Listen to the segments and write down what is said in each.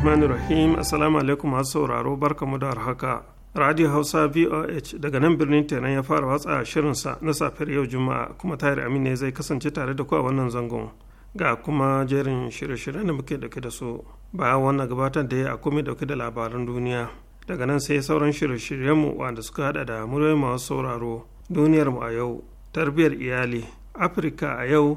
rahmanir rahim assalamu alaikum masu sauraro barkamu da haka radio hausa voh daga nan birnin tenan ya fara watsa shirinsa na safiyar yau juma'a kuma tahir amin ne zai kasance tare da ku a wannan zangon ga kuma jerin shirye-shiryen da muke dauke da su bayan wannan gabatar da ya akumi dauke da labaran duniya daga nan sai sauran shirye shiryen mu wanda suka hada da muryoyin masu sauraro duniyarmu a yau tarbiyar iyali afirka a yau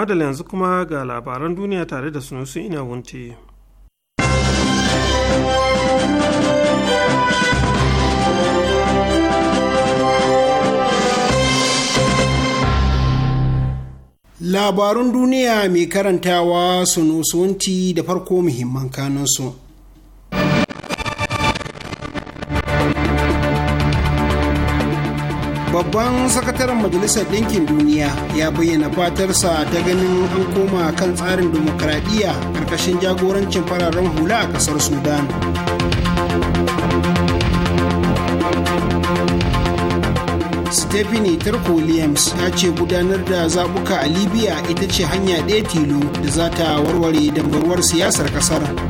madala yanzu kuma ga labaran duniya tare da sunusu ina wunti. Labarun duniya mai karantawa wunti da farko muhimman kanunsu. babban sakataren majalisar ɗinkin duniya ya bayyana fatarsa ta ganin an koma kan tsarin dimokuraɗiyya ƙarƙashin jagorancin fararen hula a ƙasar sudan stephanie tarko williams ta ce gudanar da zaɓuka a libya ita ce hanya ɗaya tilo da za ta warware dambarwar siyasar ƙasar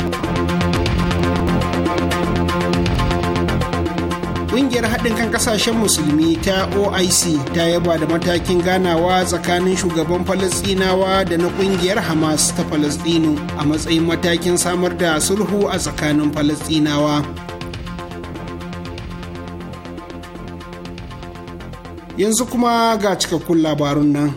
Ƙungiyar haɗin kan ƙasashen musulmi ta OIC ta yaba da matakin ganawa tsakanin shugaban Falasɗinawa da na ƙungiyar Hamas ta Falasɗinu a matsayin matakin samar da sulhu a tsakanin Falasɗinawa. yanzu kuma ga cikakkun labarun nan.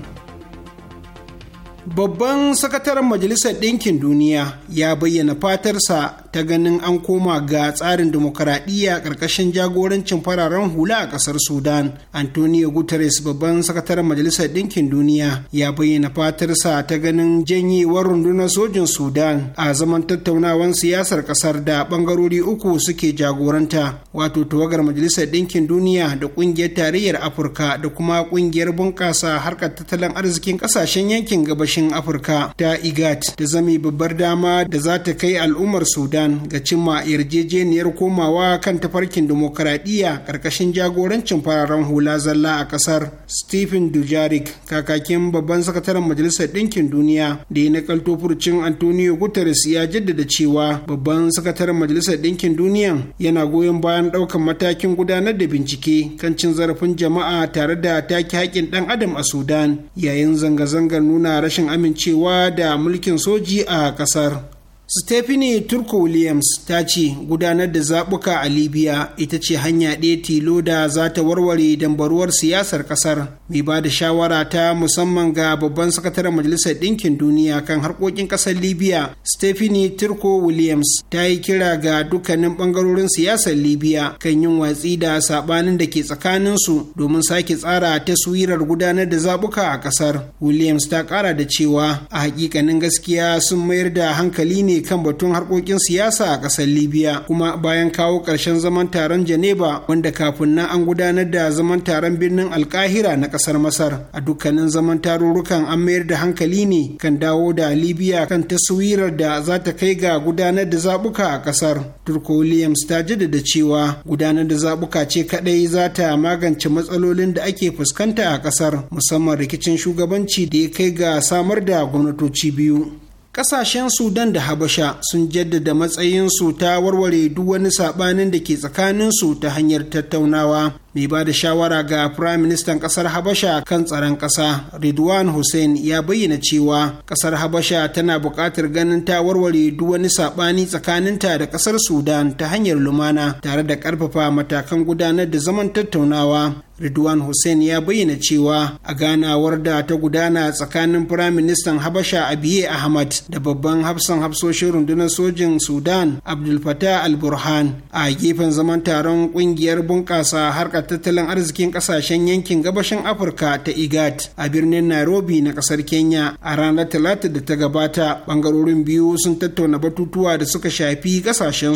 Babban sakataren Majalisar Ɗinkin Duniya ya bayyana fatarsa ta ganin an koma ga tsarin dimokuraɗiyya ƙarƙashin jagorancin fararen hula a ƙasar sudan antonio guterres babban sakataren majalisar ɗinkin duniya ya bayyana fatarsa ta ganin janyewar rundunar sojin sudan a zaman tattaunawan siyasar ƙasar da ɓangarori uku suke jagoranta wato tawagar majalisar ɗinkin duniya da ƙungiyar tarayyar afirka da kuma ƙungiyar bunƙasa harkar tattalin arzikin ƙasashen yankin gabashin afirka ta igat da zami babbar dama da za ta kai al'ummar sudan Sudan ga cimma yarjejeniyar komawa kan tafarkin dimokuraɗiyya ƙarƙashin jagorancin fararen hula zalla a ƙasar stephen dujaric kakakin babban sakataren majalisar ɗinkin duniya da ya nakalto furcin antonio guterres ya jaddada cewa babban sakataren majalisar ɗinkin duniya yana goyon bayan ɗaukar matakin gudanar da bincike kan cin zarafin jama'a tare da take haƙƙin ɗan adam a sudan yayin zanga-zangar nuna rashin amincewa da mulkin soji a ƙasar Stephanie Turko Williams ta ce gudanar da zaɓuka a Libya ita ce hanya ɗaya tilo da za ta warware dambaruwar siyasar ƙasar. Mai ba da shawara ta musamman ga babban sakataren Majalisar Ɗinkin Duniya kan harkokin ƙasar Libya, Stephanie Turko Williams ta yi kira ga dukkanin ɓangarorin siyasar Libya kan yin watsi da saɓanin da ke tsakaninsu domin sake tsara taswirar gudanar da zaɓuka a ƙasar. Williams ta ƙara da cewa a hakikanin gaskiya sun mayar da hankali ne kan batun harkokin siyasa a ƙasar libya kuma bayan kawo ƙarshen zaman taron geneva wanda kafin nan an gudanar da zaman taron birnin alkahira na ƙasar masar a dukkanin zaman tarurrukan an mayar da hankali ne kan dawo da libya kan taswirar da za ta kai ga gudanar da zabuka a ƙasar turko williams ta jaddada cewa gudanar da zabuka ce kaɗai za ta magance matsalolin da ake fuskanta a ƙasar musamman rikicin shugabanci da ya kai ga samar da gwamnatoci biyu kasashen Sudan da Habasha sun jaddada matsayin su ta warware duk wani saɓanin da ke tsakanin su ta hanyar tattaunawa mai ba da shawara ga Prime ƙasar kasar habasha kan tsaron ƙasa, ridwan hussein ya bayyana cewa kasar habasha tana buƙatar ganin ta warware duk wani saɓani tsakaninta da ƙasar sudan ta hanyar lumana tare da ƙarfafa matakan gudanar da zaman tattaunawa Ridwan Hussein ya bayyana cewa a ganawar da ta gudana tsakanin Firaministan Habasha Abiye Ahmad da babban hafsan hafsoshin rundunar sojin Sudan Abdul Fattah al-Burhan a gefen zaman taron kungiyar bunƙasa harkar a tattalin arzikin kasashen yankin gabashin afirka ta igat a birnin nairobi na kasar kenya a ranar talata da ta gabata bangarorin biyu sun tattauna batutuwa da suka shafi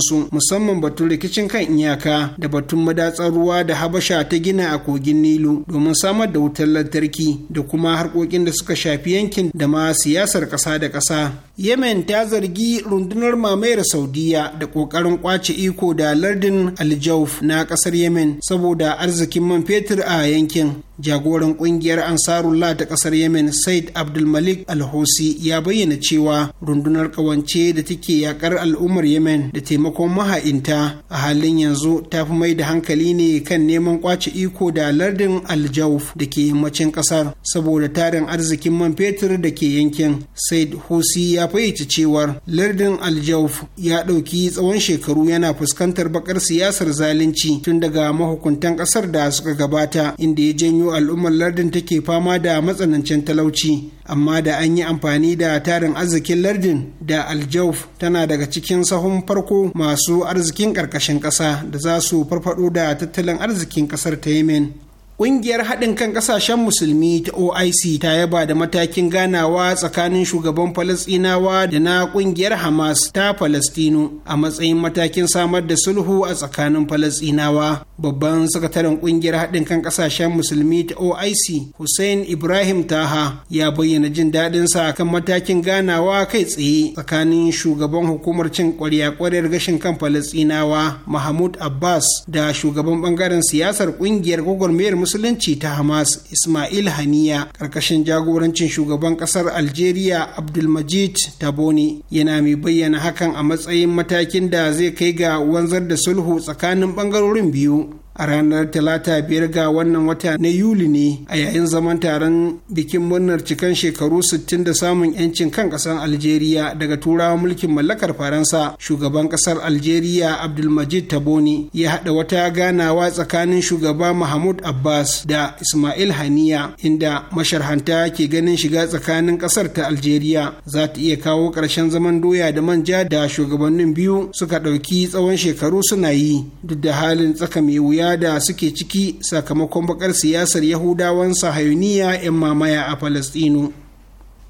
su musamman batun rikicin kan iyaka da batun madatsar ruwa da habasha ta gina a kogin nilu domin samar da wutar lantarki da kuma harkokin da suka shafi yankin da ma siyasar kasa da kasa yemen ta zargi rundunar mamayar saudiya da kokarin kwace iko da lardin aljauf na kasar yemen saboda arzikin man fetur a yankin jagoran kungiyar ansarullah ta kasar yemen said abdulmalik alhosi ya bayyana cewa rundunar kawance da take yakar al'ummar yemen da taimakon maha'inta a halin yanzu ta fi mai da hankali ne kan neman kwace iko da lardin aljauf da ke yammacin kasar saboda tarin arzikin man fetur da ke yankin said hosi ya fayyace cewar lardin aljauf ya ɗauki tsawon shekaru yana fuskantar bakar siyasar zalunci tun daga mahukuntan kasar da suka gabata inda ya janyo al'ummar lardin take fama da matsanancin talauci amma da an yi amfani da tarin arzikin lardin da aljauf tana daga cikin sahun farko masu arzikin ƙarƙashin ƙasa da za su farfado da tattalin arzikin ƙasar ta yemen Ƙungiyar haɗin kan ƙasashen musulmi ta OIC ta yaba da matakin ganawa tsakanin shugaban Falasɗinawa da na ƙungiyar Hamas ta Falastinu a matsayin matakin samar da sulhu a tsakanin Falasɗinawa. Babban sakataren ƙungiyar haɗin kan ƙasashen musulmi ta OIC Hussein Ibrahim Taha ya bayyana jin daɗinsa kan matakin ganawa kai tsaye tsakanin shugaban hukumar cin ƙwarya-ƙwaryar gashin kan Falasɗinawa Mahmud Abbas da shugaban ɓangaren siyasar ƙungiyar gwagwarmayar musulunci ta hamas ismail haniya karkashin jagorancin shugaban kasar algeria abdulmajid taboni yana mai bayyana hakan a matsayin matakin da zai kai ga wanzar da sulhu tsakanin ɓangarorin biyu a ranar talata biyar ga wannan wata na yuli ne a yayin zaman taron bikin murnar cikan shekaru 60 da samun yancin kan kasar algeria daga turawa mulkin mallakar faransa shugaban kasar algeria abdulmajid taboni ya haɗa wata ganawa tsakanin shugaba mahmud abbas da ismail haniya inda masharhanta ke ganin shiga tsakanin kasar ta algeria za ta iya kawo ƙarshen zaman doya da manja da shugabannin biyu suka ɗauki tsawon shekaru suna yi duk da halin tsaka mai wuya da suke ciki sakamakon bakar siyasar yahudawan sahayuniya 'yan mamaya a falastinu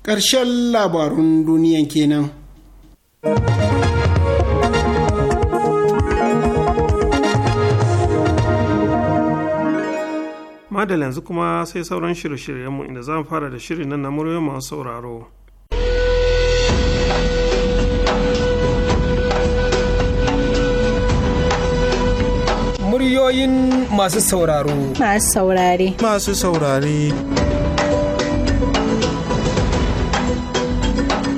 ƙarshen labarun duniyan kenan. madal yanzu kuma sai sauran shirye-shiryenmu inda za mu fara da shirin nan na muryoyin masu sauraro. Muryoyin masu sauraro. Masu saurare. Masu saurare.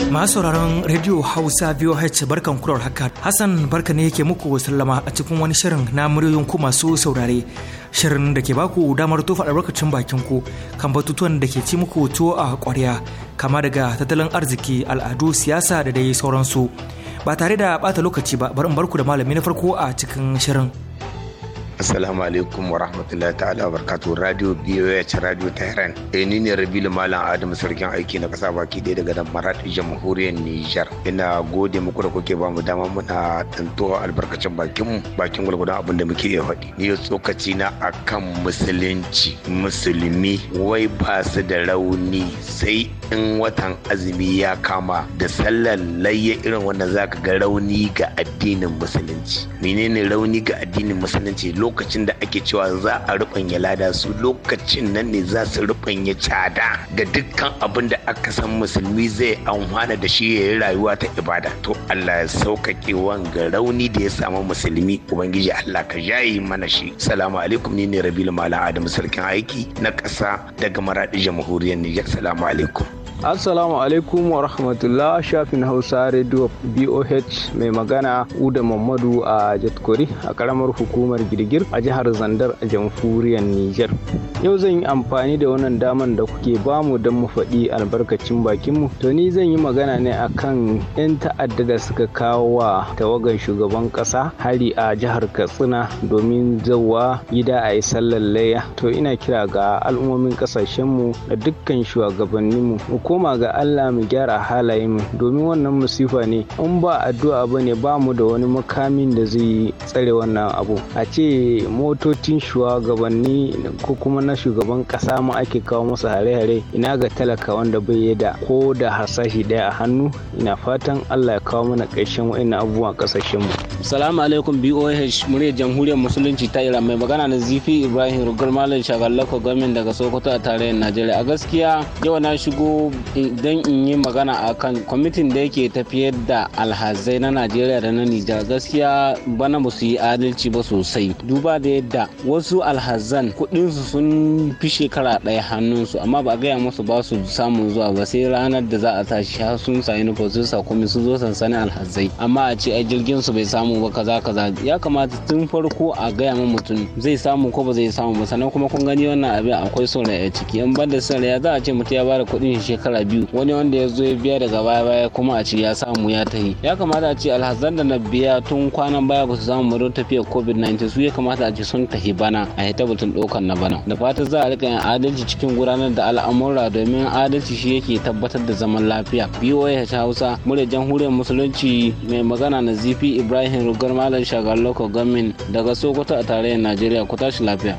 masu sauraron Radio Hausa VOH barkan kurar haka. Hassan barka ne yake muku sallama a cikin wani shirin na muryoyin ku masu saurare. Shirin da ke baku damar tofa albarkacin bakin ku kan batutuwan da ke ci muku tuwo a kwarya kama daga tattalin arziki, al'adu, siyasa da dai sauransu. Ba tare da bata lokaci ba bari in barku da malami na farko a cikin shirin. Assalamu alaikum wa rahmatullahi ta'ala wa Radio BOH Radio Tehran. Eh ni ne Rabilu Malam Adamu Sarkin aiki na kasa baki ɗaya daga Jamhuriyar Nijar. Ina gode muku da kuke bamu dama muna tantuwa albarkacin bakinmu bakin gwalgwadon abin da muke yi faɗi. Ni tsokaci na akan musulunci musulmi wai ba su da rauni sai in watan azumi ya kama da sallar layya irin wannan zaka ga rauni ga addinin musulunci. Menene rauni ga addinin musulunci? lokacin da ake cewa za a rubanya lada su lokacin nan ne za su rubanya cada da dukkan abin da aka san musulmi zai amfana da shi ya yi rayuwa ta ibada to Allah ya sauƙaƙe wanga rauni da ya samu musulmi ubangiji Allah ka jayi mana shi salamu alaikum ni ne rabilu Malam Adam sarkin aiki na ƙasa daga maraɗi jamhuriyar Nijar salamu alaikum Assalamu alaikum wa rahmatullah shafin Hausa Radio BOH mai magana Uda Mamadu a Jatkori a karamar hukumar Girgir a jihar Zandar a jamhuriyar Nijar. Yau zan yi amfani da wannan daman da kuke bamu don mu faɗi albarkacin bakinmu. To ni zan yi magana ne akan 'yan ta'adda da suka kawo wa tawagan shugaban ƙasa hari a jihar Katsina domin zawa gida a yi sallar layya. To ina kira ga al'ummomin ƙasashenmu da dukkan shugabanninmu koma ga Allah mu gyara halayen mu domin wannan musifa ne in ba addu'a ba ne ba mu da wani makamin da zai tsare wannan abu a ce motocin shugabanni ko kuma na shugaban kasa mu ake kawo masa hare-hare ina ga talaka wanda bai yi da ko da hasashi daya a hannu ina fatan Allah ya kawo mana ƙarshen wa'in abubuwan kasashen mu salamu alaikum BOH muryar jamhuriyar musulunci ta Iran mai magana na Zifi Ibrahim Rugar Malam Shagallako gwamnati daga Sokoto a tarayyar Najeriya a gaskiya yau na shigo don in yi magana a kan kwamitin da yake tafiyar da alhazai na najeriya da na nijar gaskiya bana ba su yi adalci ba sosai duba da yadda wasu alhazan kudinsu sun fi shekara ɗaya hannunsu amma ba a gaya musu ba su samun zuwa ba sai ranar da za a tashi har sun sa uniform sun sa komai sun zo sansani alhazai amma a ce a jirgin su bai samu ba kaza kaza ya kamata tun farko a gaya ma mutum zai samu ko ba zai samu ba sannan kuma kun gani wannan abin akwai son a ciki in banda son rai za a ce mutum ya bada kudin shekara shekara biyu wani wanda ya zo ya biya daga baya baya kuma a ce ya samu ya tahi ya kamata a ce alhazan da na biya tun kwanan baya ba su samu murin tafiyar covid-19 su ya kamata a ce sun tahi bana a hita batun ɗaukar na bana da fata za a rika yin adalci cikin gudanar da al'amura domin adalci shi yake tabbatar da zaman lafiya boa hausa murya jamhuriyar musulunci mai magana na zifi ibrahim rugar malam shagar local government daga sokoto a tarayyar najeriya ku tashi lafiya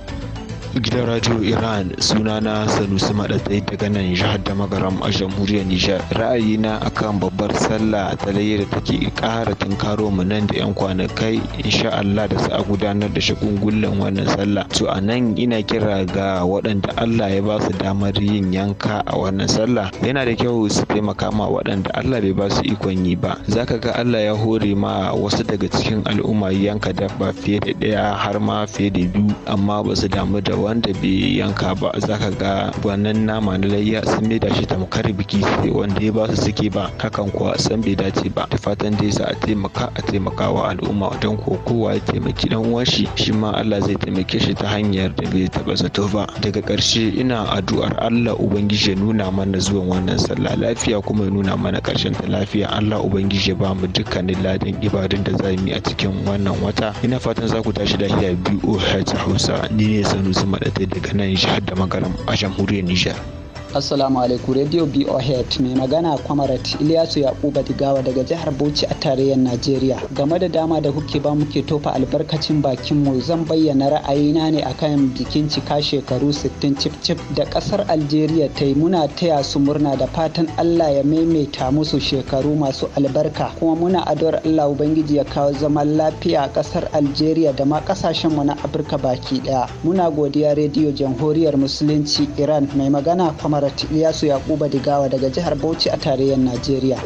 Gidan Radio Iran sunana Sanusi Maɗatai daga nan jihar da magaram a jamhuriyar Nijar. Ra'ayina akan babbar sallah ta da take kara tunkaro mu nan da 'yan kwanakai insha Allah da su a gudanar da shagungullan wannan sallah. To a nan ina kira ga waɗanda Allah ya ba su damar yin yanka a wannan sallah. Yana da kyau su taimaka ma waɗanda Allah bai ba su ikon yi ba. Zaka ga Allah ya hore ma wasu daga cikin al'umma yanka dabba fiye da ɗaya har ma fiye da biyu amma ba su damu da wanda bai yanka ba za ka ga wannan nama na layya sun da shi tamkar biki wanda ya ba su suke ba hakan kuwa san bai dace ba da fatan dai za a taimaka a taimakawa al'umma don ko kowa ya taimaki dan uwan shi shi ma Allah zai taimake shi ta hanyar da bai taba zato ba daga ƙarshe ina addu'ar Allah ubangiji ya nuna mana zuwan wannan sallah lafiya kuma ya nuna mana ƙarshen ta lafiya Allah ubangiji ya ba mu dukkanin ladan ibadun da za mu yi a cikin wannan wata ina fatan za ku tashi da lafiya biyu Hausa ni ne sanu maɗatai daga nan jihar da magaram a jamhuriyar Nijar. Assalamu alaikum Radio BOHead mai magana Kwamarat Ilyasu Yakuba Digawa daga jihar Bauchi a tarayyar Najeriya. Game da dama da kuke ba muke tofa albarkacin bakin mu zan bayyana ra'ayina ne akan bikin cika shekaru 60 cip-cip. da kasar Algeria ta yi muna taya su murna da fatan Allah ya maimaita musu shekaru masu albarka kuma muna addu'ar Allah Ubangiji ya kawo zaman lafiya a kasar Algeria da ma kasashen mu na Afirka baki daya. Muna godiya Radio Jamhuriyar Musulunci Iran mai magana Kwamarat Imarati Iyasu Yakuba Digawa daga jihar Bauchi a tarayyar Najeriya.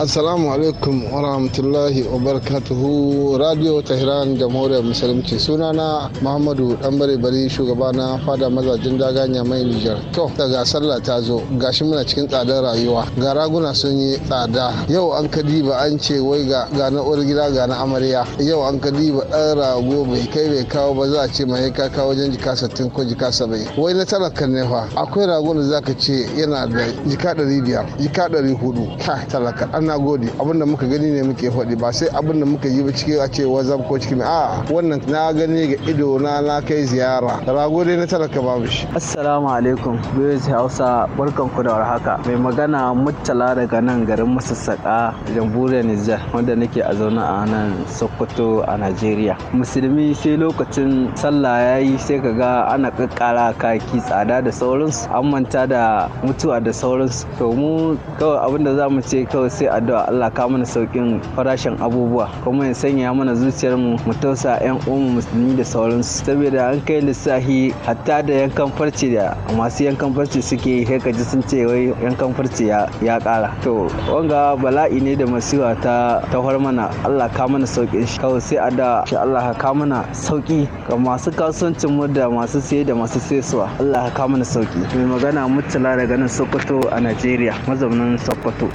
assalamu alaikum wa rahmatullahi wa barakatuhu radio tehran jamhuriyar musulunci sunana muhammadu danbare bari shugaba na fada mazajin daganya mai nijar to daga sallah ta zo gashi muna cikin tsadar rayuwa ga raguna sun yi tsada yau an ka diba an ce wai ga na uwar gida ga na amarya yau an ka diba dan rago bai kai bai kawo ba za a ce mai ka kawo wajen jika sattin ko jika saba'i wai na talakan ne fa akwai ragon da zaka ce yana da jika ɗari biyar jika ɗari hudu Ha! talaka na gode abin da muka gani ne muke faɗi ba sai abin da muka yi ba cikin a ce wazam ko cikin a wannan na gani ga ido na na kai ziyara rago dai na talaka babu shi assalamu alaikum biyoji hausa barkan ku da warhaka mai magana murtala daga nan garin masassaka jamhuriyar nijar wanda nake a zaune a nan sokoto a najeriya musulmi sai lokacin sallah ya yi sai ka ga ana kakkara kaki tsada da sauransu an manta da mutuwa da sauransu to mu kawai abin da za mu ce kawai sai da addu'a Allah ka mana saukin farashin abubuwa kuma ya sanya mana zuciyar mu mu tausa yan umu musulmi da sauransu saboda an kai lissafi hatta da yankan farce da masu yankan farce suke kai ka ji sun ce wai yankan farce ya kara to wanga bala'i ne da masiwa ta tawar mana Allah ka mana saukin shi kawai sai addu'a shi Allah ka mana sauki ga masu kasuwancin mu da masu saye da masu sayarwa Allah ka mana sauki mai magana mutala daga nan Sokoto a Najeriya mazaunin Sokoto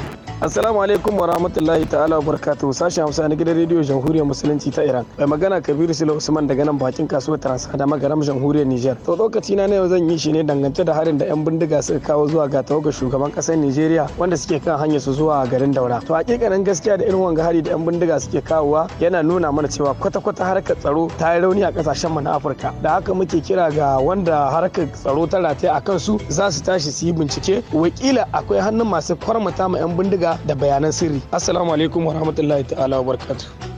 Assalamu alaikum wa rahmatullahi ta'ala wa barakatuh. sashen Hausa na gidan rediyo Jamhuriyar Musulunci ta Iran. Mai magana Kabiru Sule Usman daga nan bakin kasuwar transada magaram Jamhuriyar Niger. To lokaci na yau zan yi shi ne dangance da harin da yan bindiga suka kawo zuwa ga tawagar shugaban kasar Nigeria wanda suke kan hanyar su zuwa garin Daura. To hakikanin gaskiya da irin wanga hari da yan bindiga suke kawowa yana nuna mana cewa kwata-kwata harkar tsaro ta yi rauni a kasashen mu na Afirka. Da haka muke kira ga wanda harkar tsaro ta rataye akan su za su tashi su yi bincike wakila akwai hannun masu kwarmata ma yan bindiga da bayanan sirri assalamu alaikum warahmatullahi ta'ala wa barkatu.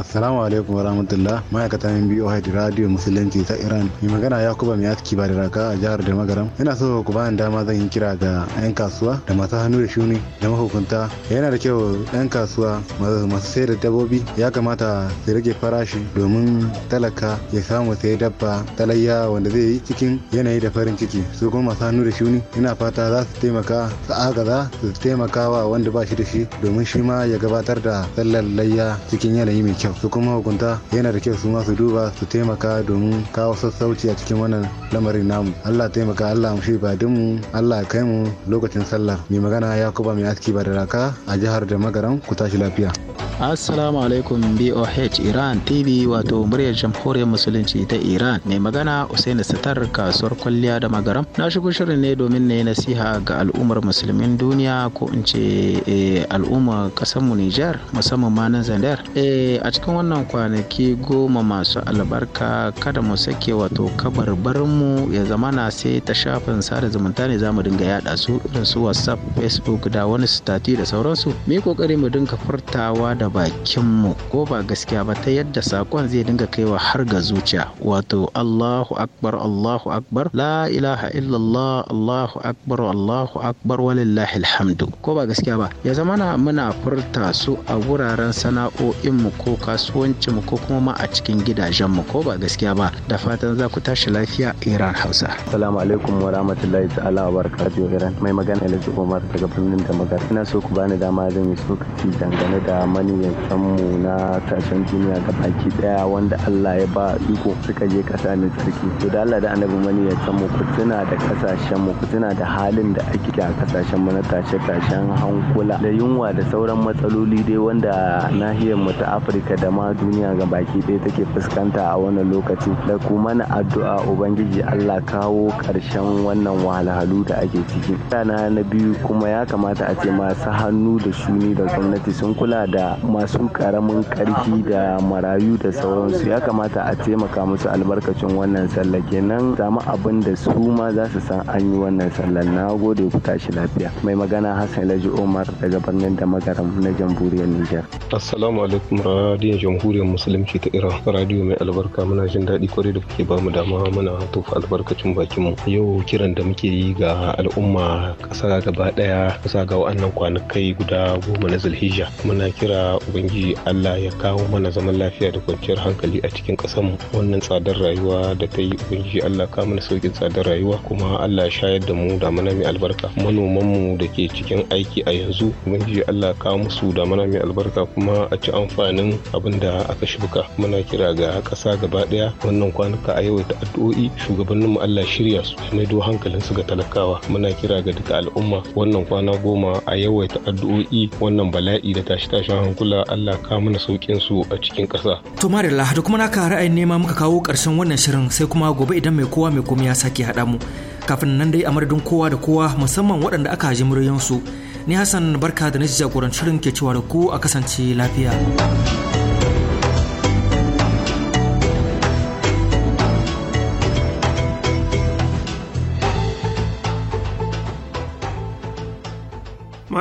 assalamu alaikum wa rahmatullah ma'aikatan BOH radio musulunci ta iran mai magana yakuba mai aski ba da raka a jihar da magaram yana so ku bani dama zan yi kira ga 'yan kasuwa da masu hannu da shuni da mahukunta yana da kyau 'yan kasuwa masu sayar da dabbobi ya kamata su rage farashi domin talaka ya samu sai dabba talayya wanda zai yi cikin yanayi da farin ciki su kuma masu hannu da shuni ina fata za su taimaka su agaza su taimaka wa wanda ba shi da shi domin shi ma ya gabatar da sallar layya cikin yanayi mai kyau hakan su kuma hukunta yana da kyau su ma su duba su taimaka domin kawo sassauci a cikin wannan lamarin namu allah taimaka allah amshi mu allah kai mu lokacin sallah mai magana ya kuba mai aski ba da raka a jihar da magaran ku tashi lafiya assalamu alaikum boh iran tv wato muryar jamhuriyar musulunci ta iran mai magana usaini sitar kasuwar kwalliya da magaram na shigo shirin ne domin na yi nasiha ga al'ummar musulmin duniya ko in ce eh, al'ummar kasar mu nijar musamman ma nan zandar a eh, a cikin wannan kwanaki goma masu albarka kada mu sake wato kabarbarinmu ya zama na sai ta shafin sada zumunta ne zamu dinga yada su irin su whatsapp facebook da wani stati da sauransu mu yi kokari mu dinga furtawa da bakinmu ko ba gaskiya ba ta yadda sakon zai dinga kaiwa har ga zuciya wato allahu akbar allahu akbar la ilaha illallah allahu akbar allahu akbar walillahi alhamdu ko ba gaskiya ba ya zama muna furta su a wuraren sana'o'inmu ko kasuwancin mu ko kuma ma a cikin gidajenmu ko ba gaskiya ba da fatan za ku tashi lafiya Iran Hausa. Salamu alaikum wa rahmatullahi ta'ala wa barakatuhu Iran mai magana Alhaji Umar daga birnin magana Ina so ku bani dama zan yi sokaci dangane da maniyantan mu na kasashen duniya ga baki daya wanda Allah ya ba iko suka je kasa mai tsarki. To da Allah da annabi maniyantan mu ku tuna da kasashen mu ku tuna da halin da ake a kasashen mu na tashe-tashen hankula da yunwa da sauran matsaloli dai wanda nahiyar mu ta Afirka haka da ma duniya ga baki ɗaya take fuskanta a wannan lokaci da kuma na addu'a ubangiji allah kawo ƙarshen wannan wahalhalu da ake ciki sana na biyu kuma ya kamata a ce masu hannu da shuni da gwamnati sun kula da masu ƙaramin ƙarfi da marayu da sauransu ya kamata a taimaka musu albarkacin wannan sallah kenan samu abin da su ma za su san an yi wannan sallah na gode ku tashi lafiya mai magana hassan laji umar daga birnin da magaram na jamhuriyar niger assalamu alaikum radiyon jamhuriyar musulunci ta iran radiyo mai albarka muna jin daɗi kwarai da kuke bamu dama muna tofa albarkacin bakin mu yau kiran da muke yi ga al'umma ƙasa gaba ɗaya ƙasa ga wa'annan kwanakai guda goma na zulhijja muna kira ubangiji allah ya kawo mana zaman lafiya da kwanciyar hankali a cikin ƙasar mu wannan tsadar rayuwa da ta yi ubangiji allah ka mana sauƙin tsadar rayuwa kuma allah ya shayar da mu mana mai albarka manoman mu da ke cikin aiki a yanzu ubangiji allah ka musu da mana mai albarka kuma a ci amfanin abin da aka shuka muna kira ga ƙasa gaba ɗaya wannan kwanuka a yawaita addu'o'i shugabanninmu Allah shirya su mai do hankalin su ga talakawa muna kira ga duka al'umma wannan kwana goma a yawaita addu'o'i wannan bala'i da tashi tashin hankula Allah ka mana saukin su a cikin ƙasa. To Marilla da kuma naka ra'ayin nema muka kawo ƙarshen wannan shirin sai kuma gobe idan mai kowa mai komai ya sake haɗa mu kafin nan dai a madadin kowa da kowa musamman waɗanda aka ji muryansu ni Hassan barka da na jagorancin shirin ke cewa da ku a kasance lafiya.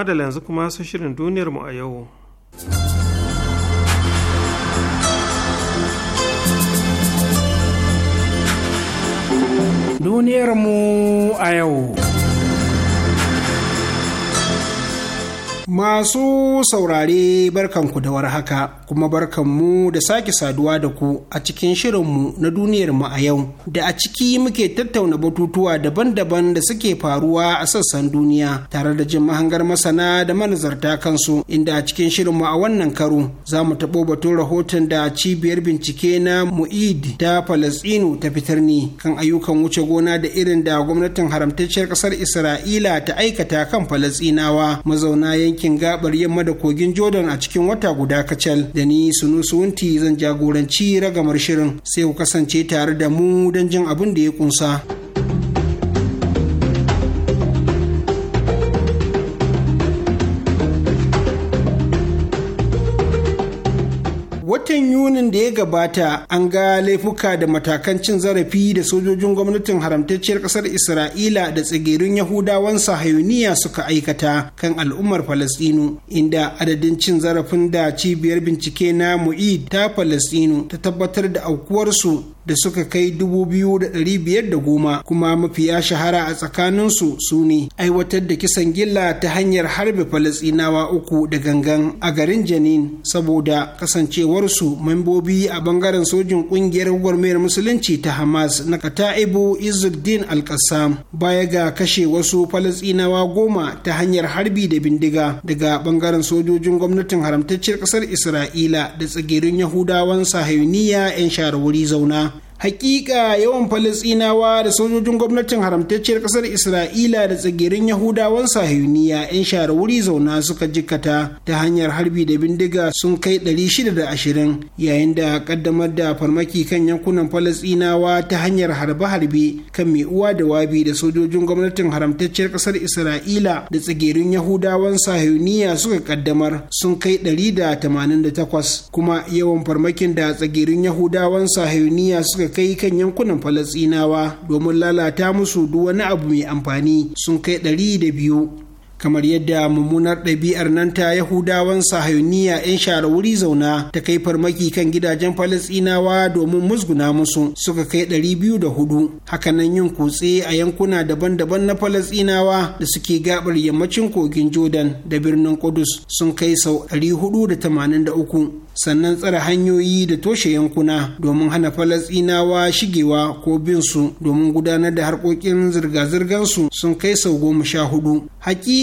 da yanzu kuma su shirin duniyarmu a yau duniyarmu a yau Masu saurare barkanku da warhaka kuma barkanmu da sake saduwa da ku a cikin shirinmu na duniyar mu a yau da a ciki muke tattauna batutuwa daban-daban da suke faruwa a sassan duniya tare da jin mahangar masana da manazarta kansu inda a cikin shirinmu a wannan karo za mu taɓo batun rahoton da cibiyar bincike na mu'id ta Falasɗinu ta fitar ne kan ayyukan wuce gona da irin da gwamnatin haramtacciyar ƙasar Isra'ila ta aikata kan Falasɗinawa mazauna yankin yankin gabar yamma da kogin jordan a cikin wata guda kacal da ni sunu suwunti zan jagoranci ragamar shirin sai ku kasance tare da mu don jin abin da ya kunsa. watan yunin da ya gabata an ga laifuka da matakan cin zarafi da sojojin gwamnatin haramtacciyar ƙasar isra'ila da tsigirin yahudawan sahayuniya suka aikata kan al'ummar falastinu inda adadin cin zarafin da cibiyar bincike na mu'id ta falastinu ta tabbatar da aukuwarsu da suka kai 2,510 kuma mafiya shahara a tsakaninsu su ne aiwatar da kisan gilla ta hanyar harbe falasinawa uku da gangan a garin janin saboda kasancewarsu su membobi a bangaren sojin kungiyar gwamnatin musulunci ta Hamas na Kata'ibu Izzuddin Al-Qassam baya ga kashe wasu Falasɗinawa goma ta hanyar harbi da bindiga daga bangaren sojojin gwamnatin haramtacciyar ƙasar Isra'ila da tsagirin Yahudawan Sahayuniya 'yan shawarwari zauna. hakika yawan falasinawa da sojojin gwamnatin haramtacciyar kasar isra'ila da tsagirin yahudawan sahiyuniya 'yan share wuri zauna suka jikata ta hanyar harbi da bindiga sun kai 620 yayin da kaddamar da farmaki kan yankunan falasinawa ta hanyar harbe-harbe kan mai uwa da wabi da sojojin gwamnatin haramtacciyar kasar isra'ila da tsagirin yahudawan sahiyuniya suka kaddamar sun kai 188 kuma yawan farmakin da tsagirin yahudawan sahiyuniya suka kai kan yankunan falasinawa domin lalata musu duk wani abu mai amfani sun kai ɗari kamar yadda mummunar ɗabi'ar nan ta yahudawan sahayuniya 'yan share wuri zauna ta kai farmaki kan gidajen falasinawa domin musguna musu suka kai 204 hakanan yin kutse a yankuna daban-daban na falasinawa da suke gabar yammacin kogin jordan da birnin kudus sun kai sau 483 sannan tsare hanyoyi da toshe yankuna domin hana falasinawa shigewa ko bin su domin gudanar da harkokin zirga zirgansu sun kai sau goma sha hudu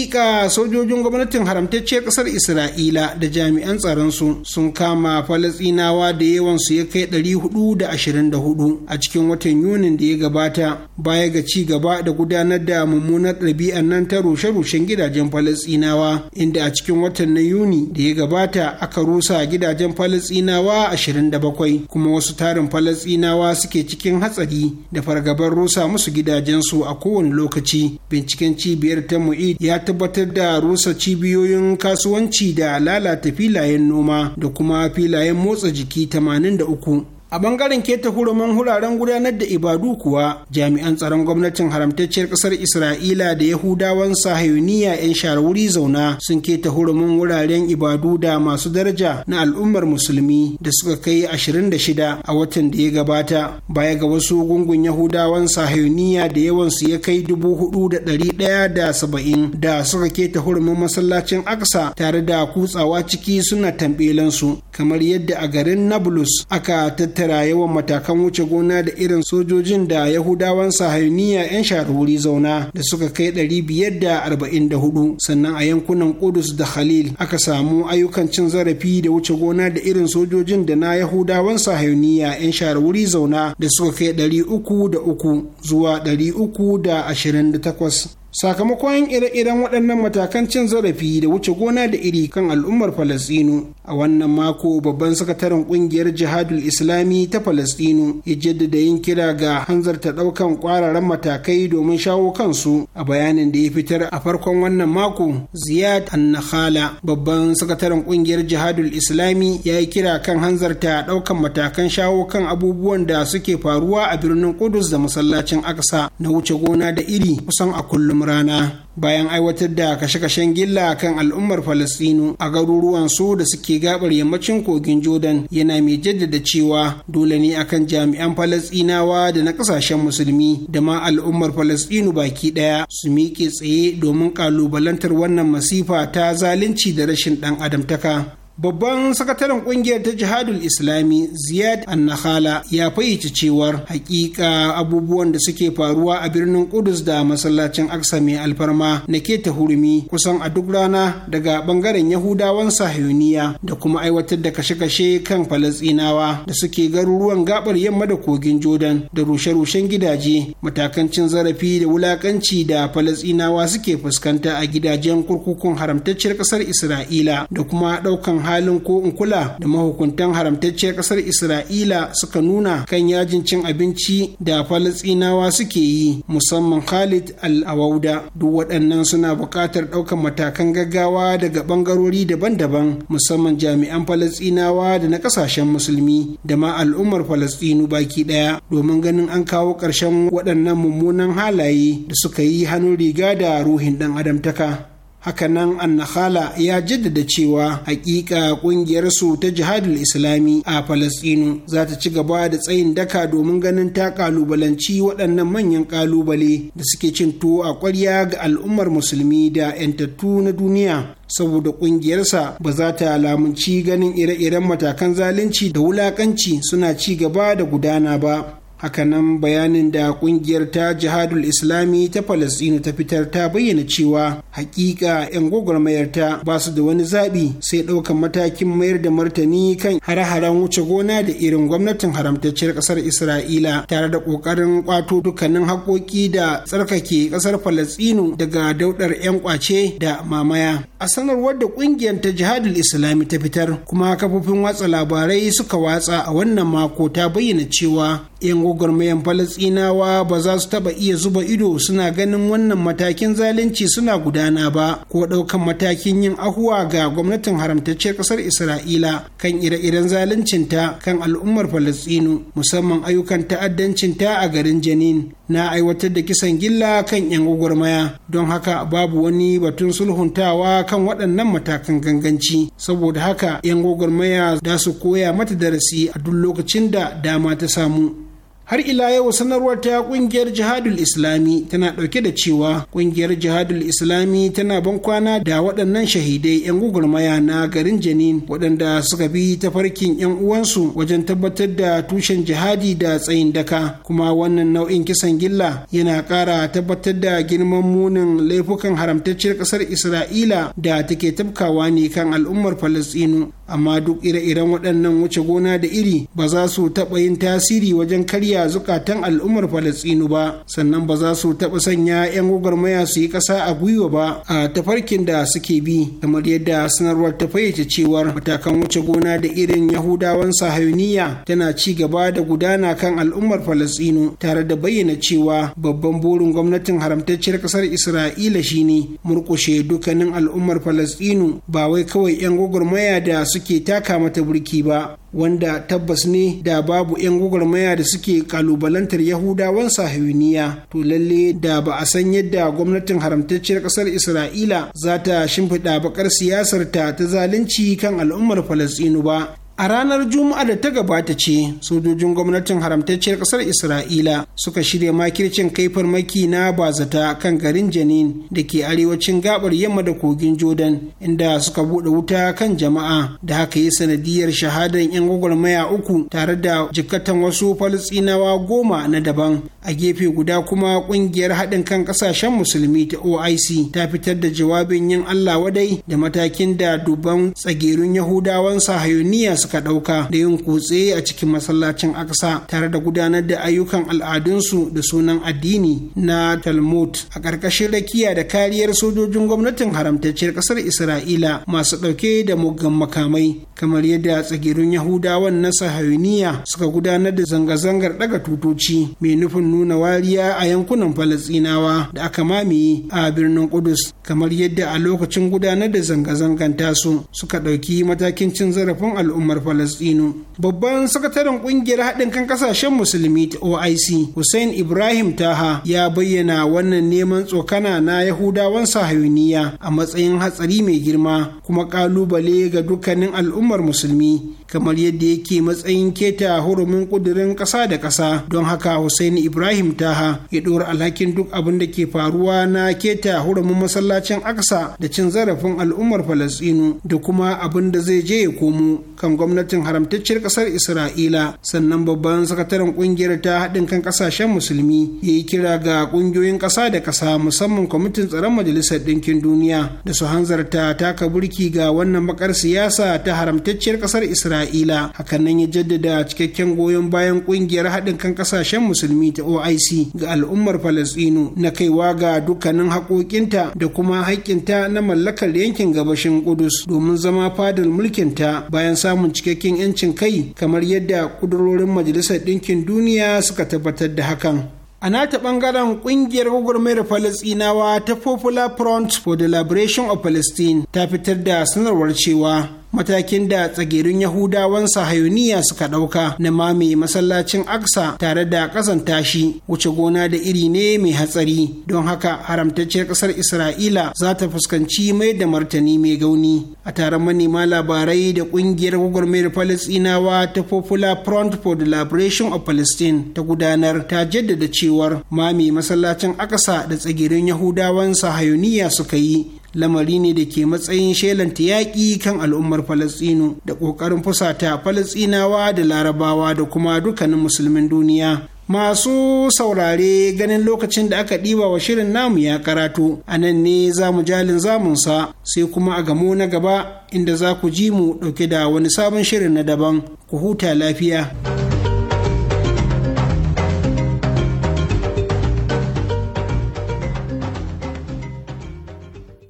hakika sojojin gwamnatin haramtacciyar kasar isra'ila da jami'an tsaronsu sun kama falasinawa da yawansu ya kai 424 a cikin watan yunin da ya gabata baya ga ci gaba da gudanar da mummunar ɗabi'an nan ta rushe-rushen gidajen falasinawa inda a cikin watan na yuni da ya gabata aka rusa gidajen falasinawa 27 kuma wasu tarin falasinawa suke cikin hatsari da fargabar rusa musu gidajensu a kowane lokaci binciken cibiyar ta mu'id ya tabbatar da rusa cibiyoyin kasuwanci da lalata filayen noma da kuma filayen motsa jiki 83 a bangaren keta hurumin hularen gudanar da ibadu kuwa jami'an tsaron gwamnatin haramtacciyar kasar isra'ila da yahudawan sahayuniya 'yan wuri zauna sun keta hurumin wuraren ibadu da masu daraja na al'ummar musulmi da suka kai 26 a watan da ya gabata baya ga wasu gungun yahudawan sahayuniya da yawansu ya kai 4,170 da suka keta hurumin masallacin aksa tare da kutsawa ciki suna tambelansu kamar yadda a garin nablus aka tattara tattara yawan matakan wuce gona da irin sojojin da yahudawan sahayuniya 'yan sharuri zauna da suka kai 544 sannan a yankunan kudus da khalil aka samu ayyukan cin zarafi da wuce gona da irin sojojin da na yahudawan sahayuniya 'yan sharuri zauna da suka kai 303 zuwa 328 sakamakon ire-iren waɗannan matakan cin zarafi da wuce gona da iri kan al'ummar falastinu a wannan mako babban sakataren ƙungiyar jihadul islami ta falastinu ya jaddada yin kira ga hanzarta ɗaukan ƙwararren matakai domin shawo kansu a bayanin da ya fitar a farkon wannan mako ziyad annakhala babban sakataren ƙungiyar jihadul islami ya yi kira kan hanzarta ɗaukan matakan shawo kan abubuwan da suke faruwa a birnin kudus da masallacin aksa na wuce gona da iri kusan a kullum rana bayan aiwatar da kashe-kashen gilla kan al'ummar falastinu a garuruwan su da suke gabar yammacin kogin jordan yana mai jaddada cewa dole ne akan jami'an falastinawa da na kasashen musulmi da ma al'ummar falastinu baki daya su miƙe tsaye domin ƙalubalantar wannan masifa ta zalunci da rashin ɗan adamtaka Babban sakataren kungiyar ta jihadul Islami Ziyad Annakhala ya fayyace cewar hakika abubuwan da suke faruwa a birnin Kudus da masallacin Aksa mai alfarma na ta hurumi kusan a duk rana daga bangaren Yahudawan Sahiyoniya da kuma aiwatar da kashe-kashe kan Falasinawa da suke garuruwan gabar yamma da kogin Jordan da rushe-rushen gidaje matakan cin zarafi da wulakanci da Falasɗinawa suke fuskanta a gidajen kurkukun haramtacciyar ƙasar Isra'ila da kuma ɗaukan halin ko in kula da mahukuntan haramtacciyar kasar isra'ila suka nuna kan yajin cin abinci da falastinawa suke yi musamman khalid al-awauda duk waɗannan suna buƙatar ɗaukar matakan gaggawa daga ɓangarori daban-daban musamman jami'an falastinawa da na ƙasashen musulmi da ma al'ummar falastinu baki ɗaya domin ganin an kawo ƙarshen waɗannan mummunan halaye da suka yi hannun riga da ruhin ɗan adamtaka. hakanan annahala ya jaddada cewa hakika kungiyar ta jihadul islami a falastinu za ta ci gaba da tsayin daka domin ganin ta kalubalanci waɗannan manyan kalubale da suke cin tuwo a ƙwarya ga al'ummar musulmi da 'yantattu na duniya saboda ƙungiyarsa ba za ta lamunci ganin ire-iren matakan zalunci da wulakanci suna ci gaba da gudana ba hakanan bayanin da kungiyar ta jihadul islami ta palestina ta fitar ta bayyana cewa hakika 'yan gwagwarmayar ta ba su da wani zaɓi sai ɗaukar matakin mayar da martani kan hare-haren wuce gona da irin gwamnatin haramtacciyar ƙasar isra'ila tare da ƙoƙarin ƙwato dukkanin haƙoƙi da tsarkake ƙasar Falasɗinu daga daudar 'yan ƙwace da mamaya a sanarwar da kungiyar ta jihadul islami ta fitar kuma kafofin watsa labarai suka watsa a wannan mako ta bayyana cewa 'yan gwagwarmayan falasinawa ba za su taba iya zuba ido suna ganin wannan matakin zalunci suna gudana ba ko ɗaukan matakin yin ahuwa ga gwamnatin haramtacciyar ƙasar isra'ila kan ire-iren zaluncinta kan al'ummar falasinu musamman ayyukan ta'addancinta a garin janin na aiwatar da kisan gilla kan 'yan gwagwarmaya don haka babu wani batun sulhuntawa kan waɗannan matakan ganganci saboda haka 'yan gwagwarmaya da su koya mata darasi a duk lokacin da dama ta samu har ila yau sanarwar ta kungiyar jihadul islami tana dauke da cewa kungiyar jihadul islami tana bankwana da waɗannan shahidai yan gugurmaya na garin janin waɗanda suka bi tafarkin yan uwansu wajen tabbatar da tushen jihadi da tsayin daka kuma wannan nau'in kisan gilla yana ƙara tabbatar da girman munin laifukan haramtacciyar ƙasar isra'ila da take tabkawa ne kan al'ummar falastinu amma duk ire-iren waɗannan wuce gona da iri ba za su taɓa yin tasiri wajen karya zukatan al'ummar falastinu ba sannan ba za su taɓa sanya 'yan gwagwarmaya su yi ƙasa a gwiwa ba a tafarkin da suke bi kamar yadda sanarwar ta fayyace cewar matakan wuce gona da irin yahudawan sahayuniya tana ci gaba da gudana kan al'ummar falastinu tare da bayyana cewa babban burin gwamnatin haramtacciyar ƙasar isra'ila shine murƙushe dukkanin al'ummar falastinu ba wai kawai 'yan gwagwarmaya da su suke taka mata burki ba wanda tabbas ne da babu 'yan gwagwarmaya da suke kalubalantar yahudawan sahiwiniya to lalle da ba a san yadda gwamnatin haramtacciyar ƙasar isra'ila za ta shimfiɗa bakar siyasarta ta zalunci kan al'ummar falasɗinu ba A ranar Juma'a da ta gabata ce, sojojin gwamnatin haramtacciyar ƙasar Isra'ila suka shirya makircin kai farmaki na bazata kan garin Janin da ke arewacin gabar yamma da kogin Jordan, inda suka buɗe wuta kan jama'a da haka yi sanadiyar shahadar 'yan gwagwarmaya uku tare da jikatan wasu Falasɗinawa goma na daban. A gefe guda kuma ƙungiyar haɗin kan ƙasashen musulmi ta OIC ta fitar da jawabin yin Allah wadai da matakin da duban tsagerun Yahudawan Sahayuniya suka ɗauka da yin kutse a cikin masallacin aksa tare da gudanar da ayyukan al'adunsu da sunan addini na talmud a ƙarƙashin rakiya da kariyar sojojin gwamnatin haramtacciyar ƙasar isra'ila masu ɗauke da muggan makamai kamar yadda tsagirin yahudawan na sahayuniya suka gudanar da zanga-zangar ɗaga tutoci mai nufin nuna wariya a yankunan falasinawa da aka mamaye a birnin kudus kamar yadda a lokacin gudanar da zanga-zangan tasu suka ɗauki matakin cin zarafin al'ummar al'ummar falastinu babban sakataren kungiyar haɗin kan kasashen musulmi ta oic hussein ibrahim taha ya bayyana wannan neman tsokana na yahudawan sahayuniya a matsayin hatsari mai girma kuma kalubale ga dukkanin al'ummar musulmi kamar yadda yake matsayin keta hurumin kudirin ƙasa da ƙasa don haka hussein ibrahim taha ya ɗora alhakin duk abin da ke faruwa na keta hurumin masallacin aksa da cin zarafin al'ummar falastinu da kuma abin da zai je ya komo kan gwamnatin haramtacciyar kasar isra'ila sannan babban sakataren kungiyar ta haɗin kan ƙasashen musulmi ya yi kira ga ƙungiyoyin ƙasa da ƙasa musamman kwamitin tsaron majalisar ɗinkin duniya da su hanzarta taka burki ga wannan bakar siyasa ta haramtacciyar kasar isra'ila hakanan ya jaddada cikakken goyon bayan ƙungiyar haɗin kan ƙasashen musulmi ta oic ga al'ummar falastinu na kaiwa ga dukkanin haƙoƙinta da kuma haƙƙinta na mallakar yankin gabashin kudus domin zama fadar mulkinta bayan samun cikakken 'yancin kai kamar yadda ƙudurorin majalisar ɗinkin duniya suka tabbatar da hakan A nata ɓangaren ƙungiyar gwagwarmayar Falasɗinawa ta Popular Front for the Liberation of Palestine ta fitar da sanarwar cewa matakin da tsagirin yahudawan sahayuniya suka ɗauka na mame masallacin aksa tare da ƙazanta shi wuce gona da iri ne mai hatsari don haka haramtacciyar ƙasar isra'ila za ta fuskanci mai da martani mai gauni a taron manema labarai da ƙungiyar gwagwarmayar falastinawa ta popular front for the liberation of palestine ta gudanar ta jaddada cewar mame masallacin aksa da tsagirin yahudawan sahayuniya suka yi lamari ne da ke matsayin shelanta yaƙi kan al'ummar falastinu da ƙoƙarin fusata falastinawa da larabawa da kuma dukkanin musulmin duniya masu saurare ganin lokacin da aka ɗiba wa shirin namu ya karatu a nan ne za mu jalin zamunsa sai kuma a gamo na gaba inda za ku ji mu ɗauke da wani sabon shirin na daban ku huta lafiya.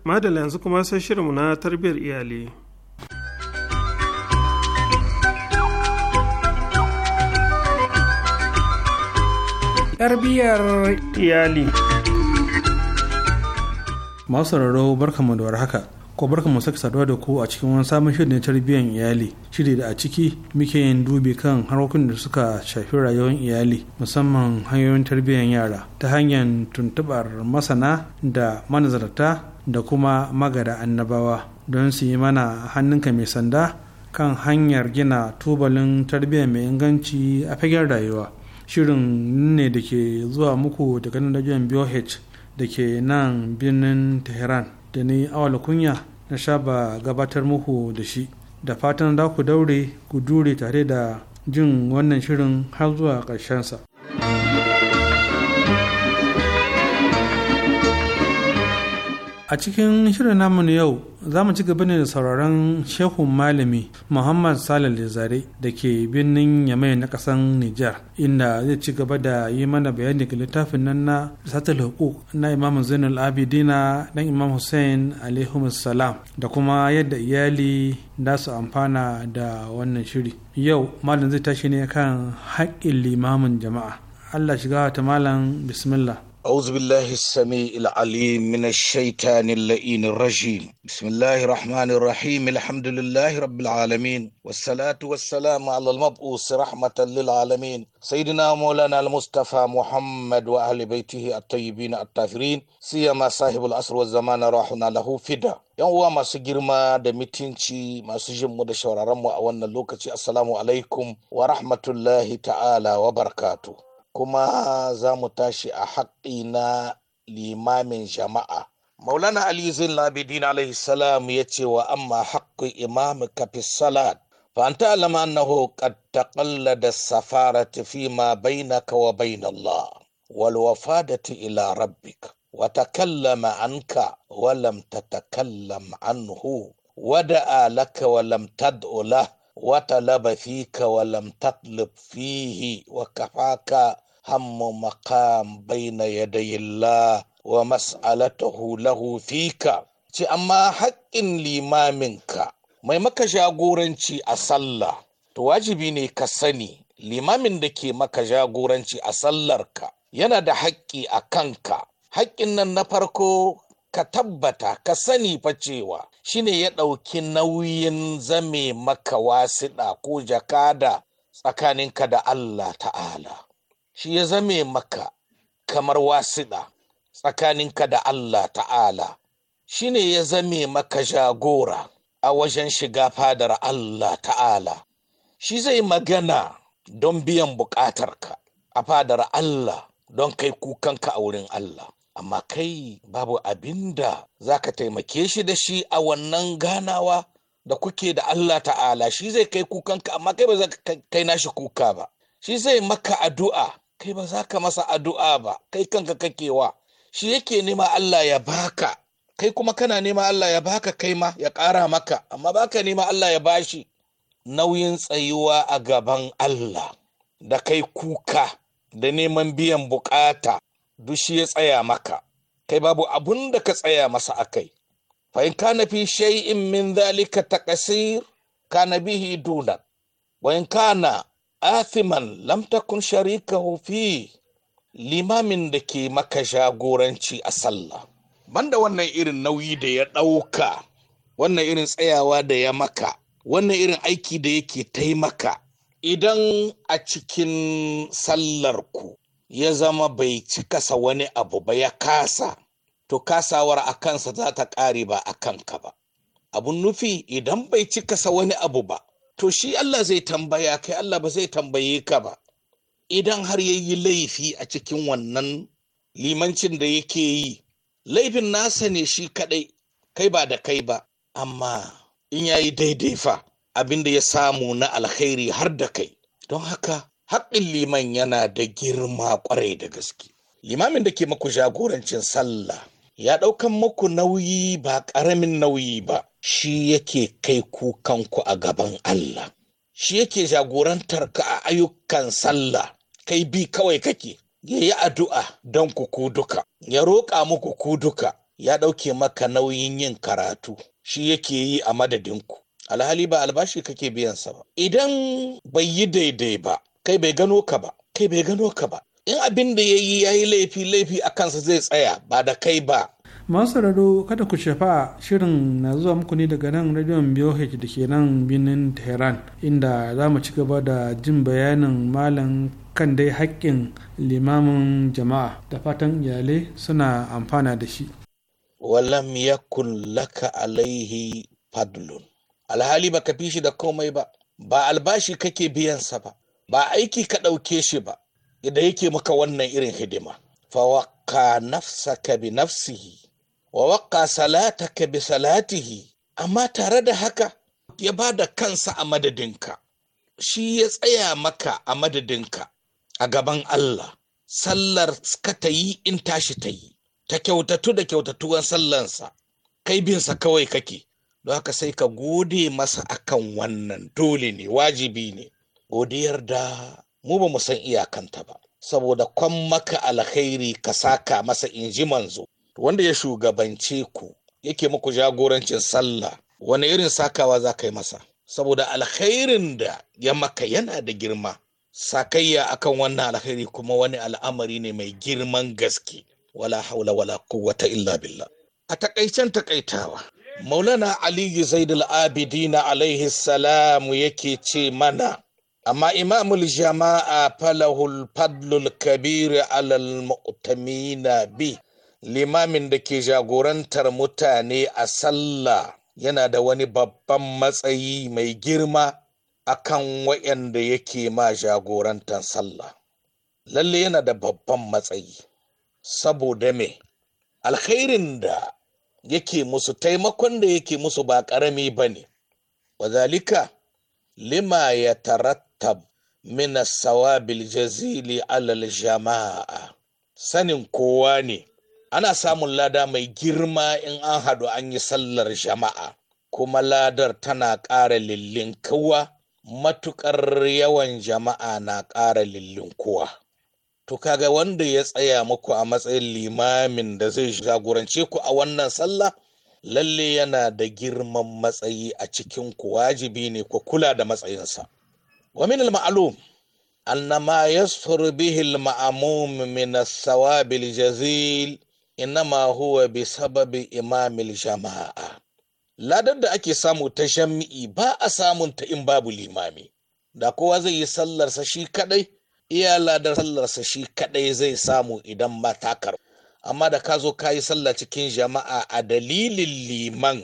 madala yanzu kuma sai shirinmu na tarbiyyar iyali tarbiyyar iyali masu sauraro barkamu da warhaka ko barkamu saki saduwa da ku a cikin wani samun shirin na tarbiyyar iyali shiri da a ciki muke yin dubi kan harkokin da suka shafi rayuwar iyali musamman hanyoyin tarbiyyar yara ta hanyar tuntubar masana da manazarta da kuma magada annabawa don su yi mana hannunka mai sanda kan hanyar gina tubalin tarbiyya mai inganci a fagen rayuwa shirin ne da ke zuwa muku daga nan rajon BOH da ke nan birnin Tehran da ni awala kunya na shaba gabatar muku da shi da fatan za ku daure ku dure tare da jin wannan shirin har zuwa ƙarshensa. sa a cikin shirin namu na yau za mu ci gaba ne da sauraron shehun malami muhammad salal lizare da ke birnin yamai na kasan nijar inda zai ci gaba da yi mana bayani ga littafin nan na satul hukuk na imam zainul abidina dan imam hussein alaihim salam da kuma yadda iyali da su amfana da wannan shiri yau malam zai tashi ne kan haƙƙin limamin jama'a allah shiga ta malam bismillah أعوذ بالله السميع العليم من الشيطان اللئين الرجيم بسم الله الرحمن الرحيم الحمد لله رب العالمين والصلاة والسلام على المبعوث رحمة للعالمين سيدنا مولانا المصطفى محمد وأهل بيته الطيبين الطاهرين سيما صاحب العصر والزمان راحنا له فدا yan uwa masu girma da mitinci masu jinmu da shawararrenmu a wannan lokaci assalamu alaikum wa rahmatullahi ta'ala wa barkatu kuma za mu tashi a haƙƙi na limamin jama'a maulana ali labidin alaihi salam ya ce wa amma haƙƙi imam kafi salat fa an ta'lama annahu qad taqallada safarati fi ma bainaka wa bain Allah wal wafadati ila rabbik wa takallama anka wa lam tatakallam anhu wada'a laka wa lam tad'u lahu وطلب فيك ولم تطلب فيه هم مقام بين يدي الله ومسألته له فيك ce amma haƙƙin limaminka mai maka jagoranci a sallah to wajibi ne ka sani limamin da ke maka jagoranci a sallarka yana da haƙƙi a kanka haƙƙin nan na farko ka tabbata ka sani fa cewa shine ya ɗauki nauyin zame maka wasiɗa ko jakada tsakaninka da Allah ta'ala shi ya zame maka kamar wasiɗa tsakaninka da Allah ta'ala shi ne ya zame maka jagora a wajen shiga fadar Allah ta'ala shi zai magana don biyan buƙatarka a fadar Allah don kai kukanka a wurin Allah amma kai babu abin da za ka taimake shi da shi a wannan ganawa da kuke da Allah ta'ala shi zai kai kukanka amma kai ba za ka kai nashi kuka ba shi zai maka addu'a kai ba za ka masa addu'a ba kai kanka kakewa shi yake nema Allah ya baka kai kuma kana nema Allah ya baka kai ma ya ƙara maka amma baka nema Allah ya bashi nauyin tsayuwa a gaban Allah da kai kuka da neman biyan bukata duk shi ya tsaya maka kai babu abun da ka tsaya masa akai kai in kana fi shay'in min dhalika taqsir kana bihi dunak wa in kana athiman lam takun sharikahu fi limamin da ke maka jagoranci a sallah banda wannan irin nauyi da ya ɗauka wannan irin tsayawa da ya maka wannan irin aiki da yake taimaka idan a cikin sallar ku ya zama bai cikasa wani abu ba ya kasa to kasawar a kansa za ta ƙare ba a kanka ba abun nufi idan bai cikasa wani abu ba to shi Allah zai tambaya kai Allah ba zai tambaye ka ba idan har ya yi laifi a cikin wannan limancin da yake yi laifin nasa ne shi kadai kai ba da kai ba amma in ya yi daidai fa abin da ya samu na alkhairi har da kai don haka haƙƙin liman yana da girma ƙwarai da gaske limamin da ke maku jagorancin sallah ya ɗaukan maku nauyi ba ƙaramin nauyi ba shi yake kai kukanku a gaban Allah shi yake jagorantar ka a ayyukan sallah kai bi kawai kake ya yi addu'a don ku ku duka ya roƙa muku ku duka ya ɗauke maka nauyin yin karatu shi yake yi a madadinku alhali ba albashi kake biyansa ba idan bai yi daidai ba kai bai gano ka ba kai bai gano ka ba in abin da ya yi ya yi laifi laifi a kansa zai tsaya ba da kai ba masu kada ku shafa shirin na zuwa muku ne daga nan radion BOH da ke nan binin Tehran inda za mu ci gaba da jin bayanin malam kan dai haƙƙin limamin jama'a da fatan iyalai suna amfana da shi. Walam yakun laka alaihi fadlun. Alhali ba ka fi shi da komai ba, ba albashi kake biyansa ba, ba aiki ka ɗauke shi ba, idan yake maka wannan irin hidima. Fawaka nafsaka bi nafsihi wa salata salataka bi salatihi amma tare da haka ya ba da kansa a madadinka shi ya tsaya maka a madadinka a gaban Allah sallar ka ta yi in tashi ta yi ta kyautatu da kyautatuwan sallansa kai binsa kawai kake don haka sai ka gode masa akan wannan dole ne wajibi ne godiyar da mu ba mu san iyakanta ba saboda kwan maka alkhairi ka saka masa inji manzo wanda ya shugabance ku yake muku jagorancin sallah wani irin sakawa za ka yi masa saboda alkhairin da ya maka yana da girma sakayya akan wannan alkhairi kuma wani al'amari ne mai girman gaske wala haula wala quwwata illa billa. a takaicen takaitawa maulana aliyu zaidul abidina alaihi salamu yake ce mana amma imamul jama'a falahul fadlul kabir alal mu'tamina bi limamin da ke jagorantar mutane a sallah yana da wani babban matsayi mai girma a kan waɗanda yake ma jagorantar sallah lalle yana da babban matsayi saboda me alkhairin da yake musu taimakon da yake musu ba ƙarami ba ne wazalika lima ya tarattab min sawabil jazili alal jama'a sanin kowa ne ana samun lada mai girma in an hadu an yi sallar jama'a kuma ladar tana ƙara kowa matuƙar yawan jama'a na ƙara kowa to kaga wanda ya tsaya muku a matsayin limamin da zai jagorance ku a wannan sallah lalle yana da girman matsayi a cikin ku wajibi ne ku kula da matsayinsa wa min al-ma'lum anna yasfur bihi al-ma'mum inama huwa bi sababi imamil jama'a ladar da ake samu ta shami'i ba a samun ta in babu limami da kowa zai yi sallarsa shi kadai iya ladar sallarsa shi kadai zai samu idan matakar amma da ka zo ka yi sallah cikin jama'a a dalilin liman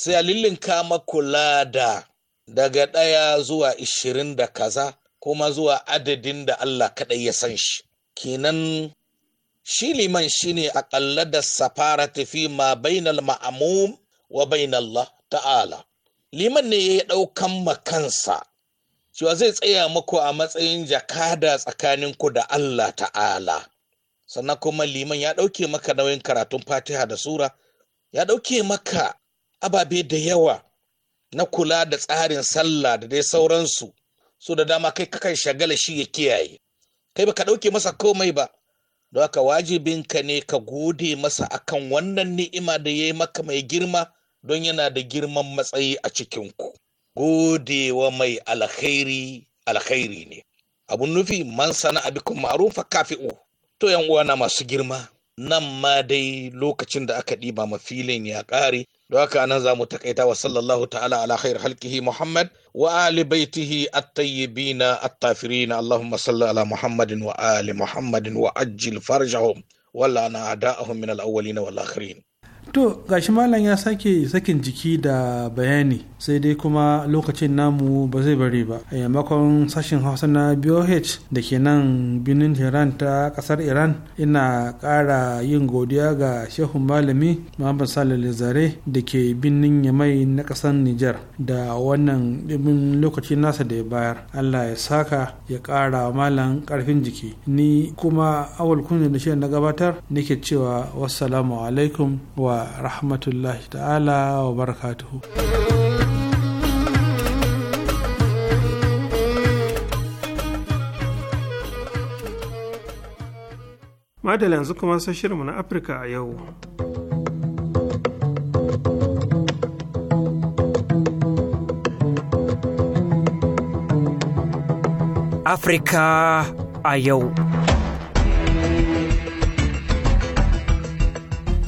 sai a lillinka maku lada daga ɗaya zuwa ishirin da kaza kuma zuwa adadin da Allah kaɗai ya san shi kenan shi liman shine aƙalla da safara tafi ma bainal ma'amum wa bainallah ta'ala liman ne ya ɗaukan makansa cewa zai tsaya muku a matsayin jakada tsakaninku da Allah ta'ala sannan kuma liman ya ɗauke maka nauyin karatun fatiha da sura ya ɗauke maka ababe da yawa na kula da tsarin sallah da dai sauransu Su da dama kai kakan shagala shi ya kiyaye kai ba ka ɗauke masa komai ba don haka wajibinka ne ka gode masa akan wannan ni'ima da ya yi maka mai girma don yana da girman matsayi a cikinku godewa mai alkhairi alkhairi ne abun nufi man sana abikun ma'arufa kafi'u to yan na masu girma nan ma dai lokacin da aka ɗiba ma filin ya ƙare don haka nan za mu takaita wa sallallahu ta'ala ala khair halkihi muhammad wa ali baitihi at-tayyibina at-tafirin allahumma salli ala muhammadin wa ali muhammadin wa ajil farjahum walla na ada'ahum min al-awwalin wal akhirin to gashi malam ya sake sakin jiki da bayani sai dai kuma lokacin namu ba zai bari ba a eh, yammakon sashen hausa na boh da ke nan birnin tehran ta kasar iran ina kara yin godiya ga shehun malami muhammad salih zare da ke birnin yamai na ƙasar niger da wannan ɗimin lokaci nasa da ya bayar allah ya saka ya ƙara malam karfin jiki ni kuma awal kunya da shi na gabatar nake cewa wassalamu alaikum wa rahmatullahi ta'ala wa barakatuhu madal yanzu kuma sai shirinmu na afirka a yau afirka a yau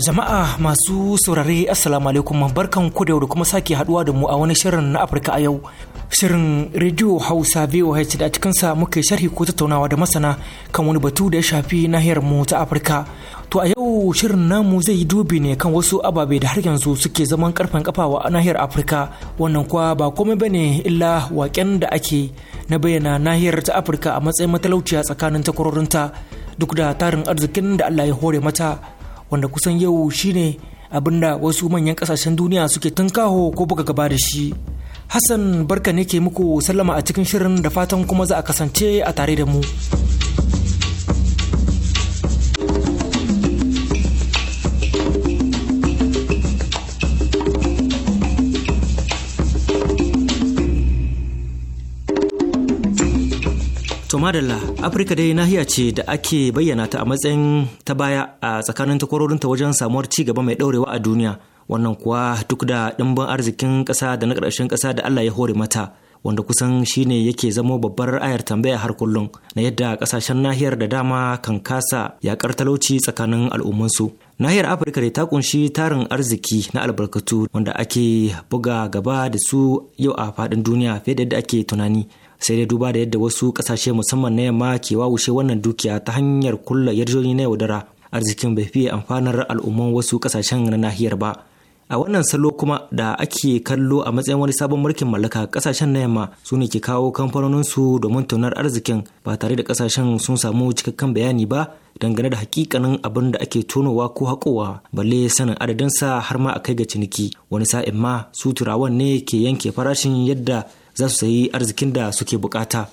Jama'a masu saurare Assalamu alaikum barkan ku da kuma sake haduwa da mu a wani shirin na Afirka a yau. Shirin Radio Hausa VOH da a cikinsa muke sharhi ko tattaunawa da masana kan wani batu da ya shafi nahiyar mu ta Afirka. To a yau shirin namu zai yi dubi ne kan wasu ababe da har yanzu suke zaman karfen kafa a nahiyar Afirka. Wannan kuwa ba komai bane illa waken da ake na bayyana nahiyar ta Afirka a matsayin matalauciya tsakanin takwarorinta duk da tarin arzikin da Allah ya hore mata. wanda kusan yau shine abinda wasu manyan kasashen duniya suke tunkaho ko buga gaba da shi hassan barka ne ke muku sallama a cikin shirin da fatan kuma za a kasance a tare da mu To madalla Afirka dai nahiya ce da ake bayyana ta a matsayin ta baya a tsakanin takwarorinta wajen samuwar ci gaba mai ɗaurewa a duniya wannan kuwa duk da ɗimbin arzikin ƙasa da na ƙarshen ƙasa da Allah ya hore mata wanda kusan shine yake zamo babbar ayar tambaya har kullum na yadda ƙasashen nahiyar da dama kan kasa yaƙar talauci tsakanin al'ummansu. Nahiyar Afirka dai ta kunshi tarin arziki na albarkatu wanda ake buga gaba da su yau a faɗin duniya fiye da yadda ake tunani sai dai duba da yadda wasu kasashe musamman na yamma ke wawushe wannan dukiya ta hanyar kulla yarjoni na yaudara arzikin bai fiye amfanar al'umman wasu kasashen na nahiyar ba a wannan salo kuma da ake kallo a matsayin wani sabon mulkin mallaka kasashen na yamma su ne ke kawo kamfanoninsu domin tunar arzikin ba tare da kasashen sun samu cikakken bayani ba dangane da hakikanin abin da ake tonowa ko haƙowa balle sanin adadinsa har ma a kai ga ciniki wani sa'in ma su turawan ne ke yanke farashin yadda za su sayi arzikin da suke bukata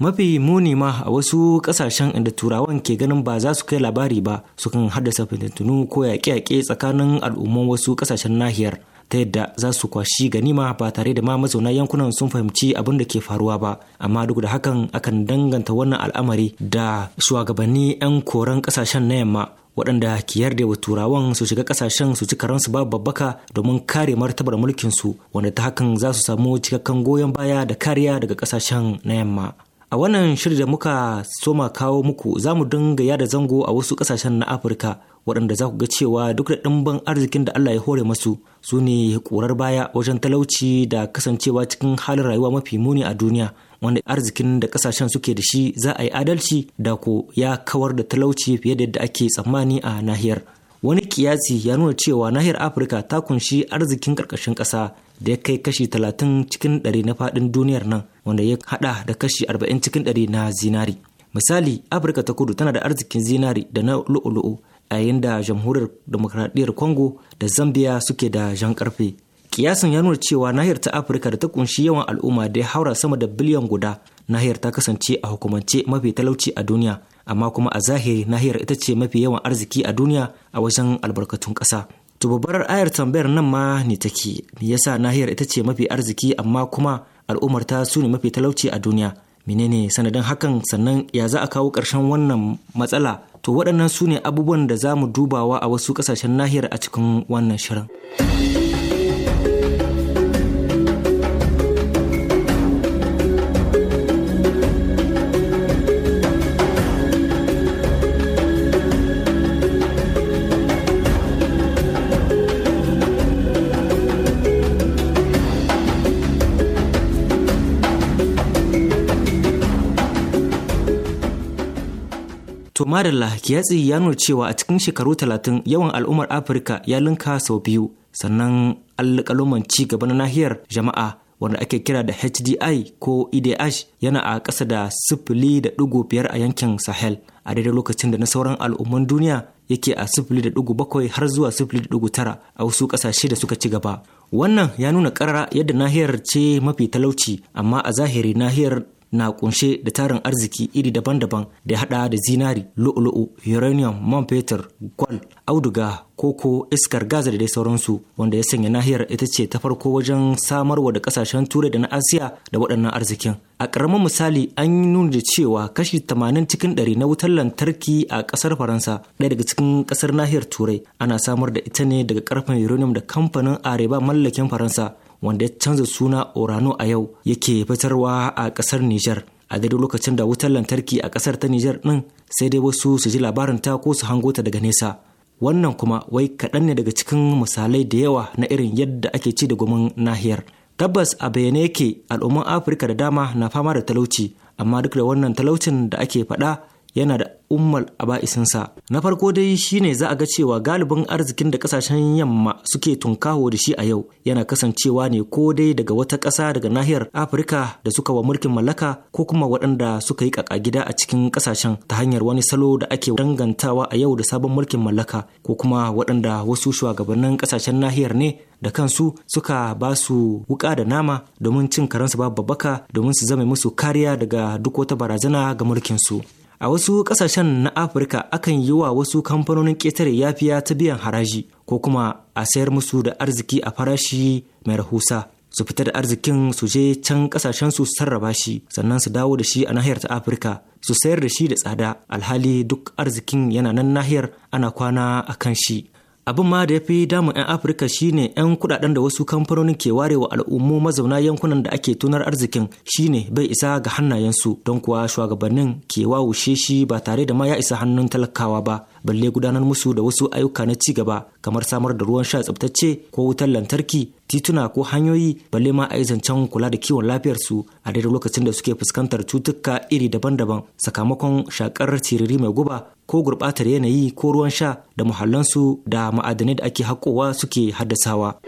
mafi muni ma a wasu kasashen inda turawan ke ganin ba za su kai labari ba sukan haddasa fitintunu ko yaƙe-yaƙe tsakanin al'umman wasu kasashen nahiyar ta yadda za su kwashi ganima ba tare da ma mazauna yankunan sun fahimci abin da ke faruwa ba amma duk da hakan akan danganta wannan al'amari da shugabanni 'yan koren kasashen na yamma waɗanda ke yarda wa turawan su shiga ƙasashen su ci karansu babu babbaka domin kare martabar su wanda ta hakan za su samu cikakken goyon baya da kariya daga ƙasashen na yamma a wannan shirin da muka soma kawo muku za mu dinga yada zango a wasu ƙasashen na afirka waɗanda za ku ga cewa duk da ɗimban arzikin da allah ya hore masu su ne ƙurar baya wajen talauci da kasancewa cikin halin rayuwa mafi muni a duniya wanda arzikin da kasashen suke da shi za a yi adalci da ko ya kawar da talauci fiye da yadda ake tsammani a nahiyar wani kiyasi ya nuna cewa nahiyar afirka ta kunshi arzikin karkashin ƙasa da ya kai kashi 30 cikin 100 na faɗin duniyar nan wanda ya haɗa da kashi 40 cikin 100 na zinari misali afirka ta kudu tana da arzikin zinari da na lu'ulu'u a yayin da jamhuriyar demokradiyyar congo da zambia suke da jan karfe kiyasin ya nuna cewa nahiyar ta afirka da ta kunshi yawan al'umma da ya haura sama da biliyan guda nahiyar ta kasance a hukumance mafi talauci a duniya amma kuma a zahiri nahiyar ita ce mafi yawan arziki a duniya a wajen albarkatun kasa to babbar ayar tambayar nan ma ne take me yasa nahiyar ita ce mafi arziki amma kuma al'ummar ta su ne mafi talauci a duniya menene sanadin hakan sannan ya za a kawo karshen wannan matsala to waɗannan su ne abubuwan da za mu dubawa a wasu ƙasashen nahiyar a cikin wannan shirin. To Marilla Kiyatsi ya nuna cewa a cikin shekaru talatin yawan al'ummar Afirka ya linka sau biyu sannan allakaluman ci gaba na nahiyar jama'a wanda ake kira da HDI ko EDH yana a ƙasa da sifili da ɗigo biyar a yankin Sahel a daidai lokacin da na sauran al'umman duniya yake a sifili da ɗigo bakwai har zuwa sifili da ɗigo tara a wasu ƙasashe da suka ci gaba. Wannan ya nuna ƙarara yadda nahiyar ce mafi talauci amma a zahiri nahiyar na kunshe da tarin arziki iri daban-daban da ya hada da zinari lu'u-lu'u uranium man fetur gwal auduga koko iskar gaza da dai sauransu wanda ya sanya nahiyar ita ce ta farko wajen samarwa da kasashen turai da na asiya da waɗannan arzikin a ƙaramin misali an yi nuna da cewa kashi 80 cikin 100 na wutar lantarki a ƙasar faransa ɗaya daga cikin ƙasar nahiyar turai ana samar da ita ne daga ƙarfin uranium da kamfanin areba mallakin faransa wanda ya canza suna orano a yau yake fitarwa a ƙasar nijar a daidai lokacin da wutar lantarki a ƙasar ta nijar ɗin sai dai wasu su ji labarin ta ko su hango ta daga nesa wannan kuma wai kaɗan ne daga cikin misalai da yawa na irin yadda ake ci da gumin nahiyar tabbas a bayyane yake al'umman afirka da dama na fama da talauci amma duk da wannan talaucin da ake faɗa yana da ummal aba'isinsa na farko dai shine za a ga cewa galibin arzikin da kasashen yamma suke tunkaho da shi a yau yana kasancewa ne ko dai daga wata ƙasa daga nahiyar afirka da suka wa mulkin mallaka ko kuma waɗanda suka yi ƙaƙa gida a cikin ƙasashen ta hanyar wani salo da ake dangantawa a yau da sabon mulkin mallaka ko kuma waɗanda wasu shugabannin ƙasashen nahiyar ne da kansu suka ba su wuƙa da nama domin cin karansu babu babaka domin su zame musu kariya daga duk wata barazana ga mulkinsu. A wasu kasashen na Afirka akan yi wa wasu kamfanonin ƙetare yafiya ta biyan haraji ko kuma a sayar musu da arziki a farashi mai rahusa. Su fitar da arzikin su je can kasashen su sarrafa shi sannan su dawo da shi a nahiyar ta Afirka su sayar da shi da tsada alhali duk arzikin yana nan nahiyar ana kwana a kan shi. abin ma da ya fi damun 'yan afirka shine 'yan kudaden da wasu kamfanonin ke ware wa al'ummu mazauna yankunan da ake tunar arzikin shine bai isa ga hannayensu don kuwa shugabannin ke wawushe shi ba tare da ma ya isa hannun talakawa ba balle gudanar musu da wasu ayyuka na ci gaba kamar samar da ruwan sha tsabtacce ko wutar lantarki tituna ko hanyoyi balle ma a yi zancen kula da kiwon lafiyarsu a daidai lokacin da suke fuskantar cutuka iri daban-daban sakamakon shakar tiriri mai guba ko gurbatar yanayi ko ruwan sha da muhallansu da ma'adanai da ake haƙowa suke haddasawa.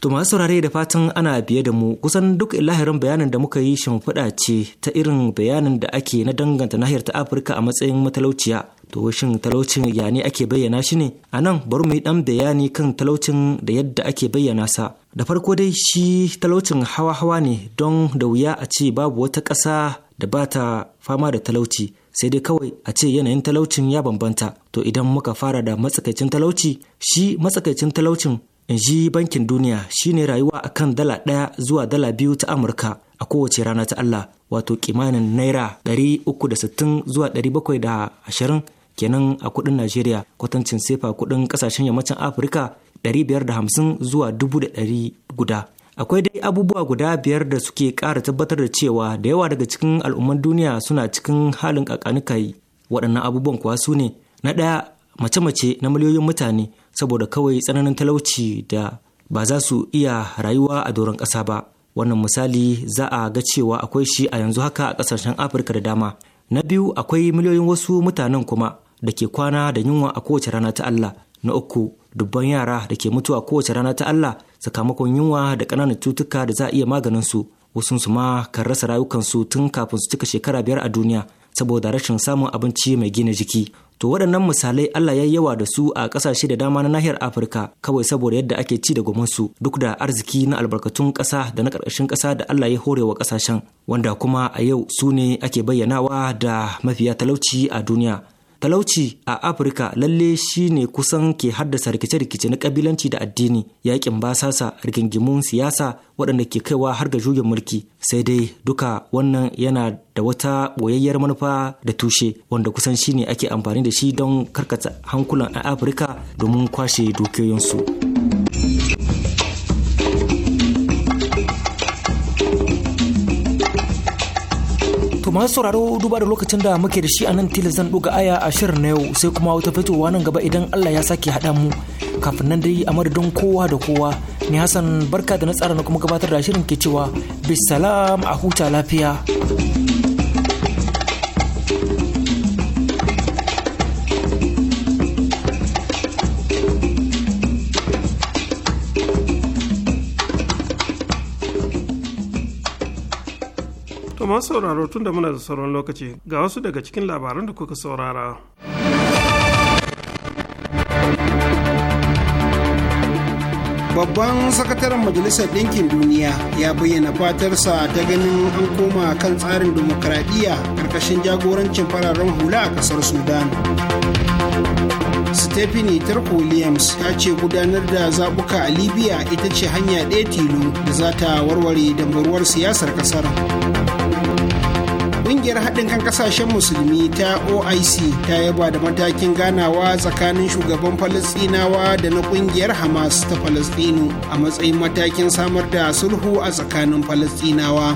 To masu saurare da fatan ana biye da mu kusan duk lahirin bayanin da muka yi shimfiɗa ce ta irin bayanin da ake na danganta nahiyar ta Afirka a matsayin matalauciya. To shin talaucin ya ne ake bayyana shi ne? A nan bari mu yi ɗan bayani kan talaucin da yadda ake bayyana sa. Da farko dai shi talaucin hawa-hawa ne don da wuya a ce babu wata ƙasa da ba ta fama da talauci. sai dai kawai a ce yanayin talaucin ya bambanta to idan muka fara da matsakaicin talauci shi matsakaicin talaucin in ji bankin duniya shine rayuwa a kan dala ɗaya zuwa dala biyu ta amurka a kowace rana ta allah wato kimanin naira ɗari uku da sittin zuwa ɗari bakwai da ashirin kenan a kuɗin najeriya kwatancin sefa kuɗin ƙasashen yammacin afirka 550 zuwa ɗari guda akwai dai abubuwa guda biyar da suke ƙara tabbatar da cewa da yawa daga cikin al'umman duniya suna cikin halin kakanikai waɗannan abubuwan kuwa su ne na ɗaya mace-mace na miliyoyin mutane saboda kawai tsananin talauci da ba za su iya rayuwa a doron ƙasa ba wannan misali za a ga cewa akwai shi a yanzu haka a ƙasashen afirka da dama na biyu akwai miliyoyin wasu mutanen kuma da ke kwana da yunwa a kowace rana ta allah na uku dubban yara da ke mutuwa kowace rana ta allah sakamakon yunwa da ƙananan cutuka da za a iya maganin su wasu su ma kan rasa rayukansu tun kafin su cika shekara biyar a duniya saboda rashin samun abinci mai gina jiki To waɗannan misalai Allah ya yi yawa da su a ƙasashe da dama na nahiyar Afirka kawai saboda yadda ake ci da su duk da arziki na albarkatun ƙasa da na ƙarƙashin ƙasa da Allah ya hore wa ƙasashen wanda kuma a yau su ne ake bayyanawa da mafiya talauci a duniya. talauci a afirka lalle shi ne kusan ke haddasa rikice-rikice na kabilanci da addini yakin basasa rigingimun siyasa waɗanda ke kaiwa har ga juyin mulki sai dai duka wannan yana da wata ɓoyayyar manufa da tushe wanda kusan shi ne ake amfani da shi don karkata hankulan a afirka domin kwashe dukiyoyinsu. To masu sauraro duba da lokacin da muke da shi a nan tilas zan ɗuga aya a shirin na yau sai kuma wata fitowa nan gaba idan Allah ya sake haɗa mu kafin nan dai a madadin kowa da kowa ni Hassan barka da na tsara na kuma gabatar da shirin ke cewa bisalam a huta lafiya. masu sauraro tun da muna da sauran lokaci ga wasu daga cikin labaran da kuka saurara. Babban sakataren Majalisar Ɗinkin Duniya ya bayyana fatarsa ta ganin an koma kan tsarin demokradiyya ƙarƙashin jagorancin fararen hula a ƙasar Sudan. Stephanie Tarko Williams ya ce gudanar da zaɓuka a Libya ita ce hanya ɗaya tilo da za ta warware dambarwar siyasar ƙasar. Ƙungiyar haɗin kan ƙasashen musulmi ta OIC ta yaba da matakin ganawa tsakanin shugaban Falasɗinawa da na ƙungiyar Hamas ta Falasɗinu a matsayin matakin samar da sulhu a tsakanin Falasɗinawa.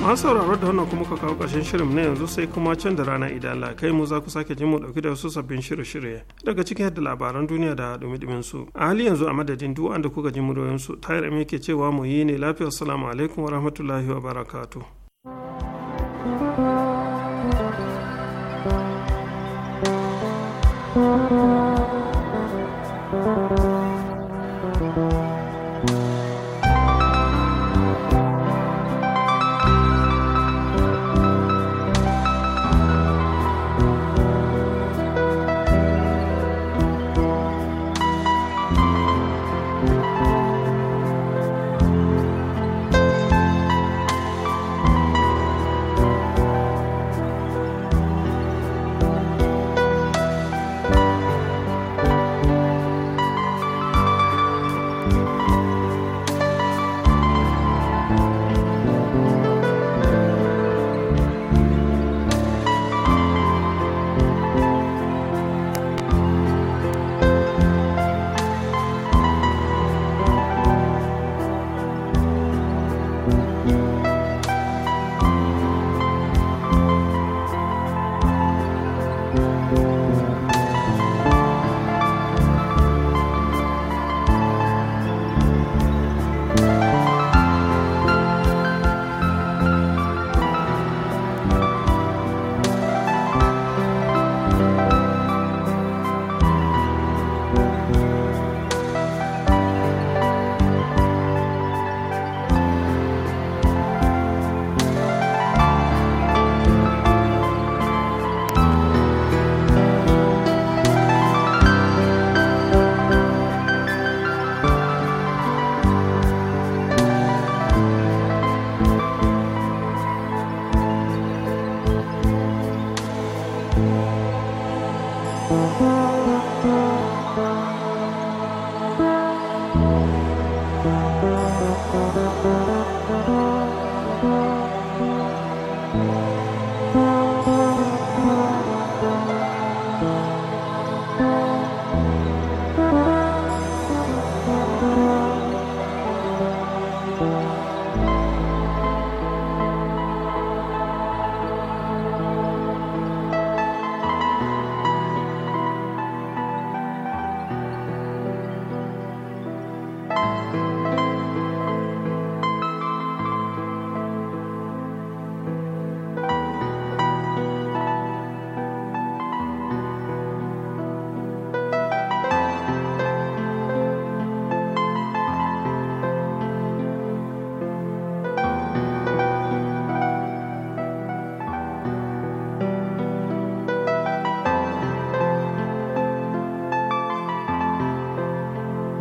masu sauraro da wannan kuma ka kawo ƙarshen shirin na yanzu sai kuma can da rana idan kai mu za ku sake jin mu ɗauki da wasu sabbin shirye-shirye daga cikin yadda labaran duniya da dumi su a hali yanzu a madadin duk wanda kuka ji muryoyin su tayar ke cewa mu yi ne lafiyar salamu alaikum wa rahmatullahi wa barakatu. Thank you.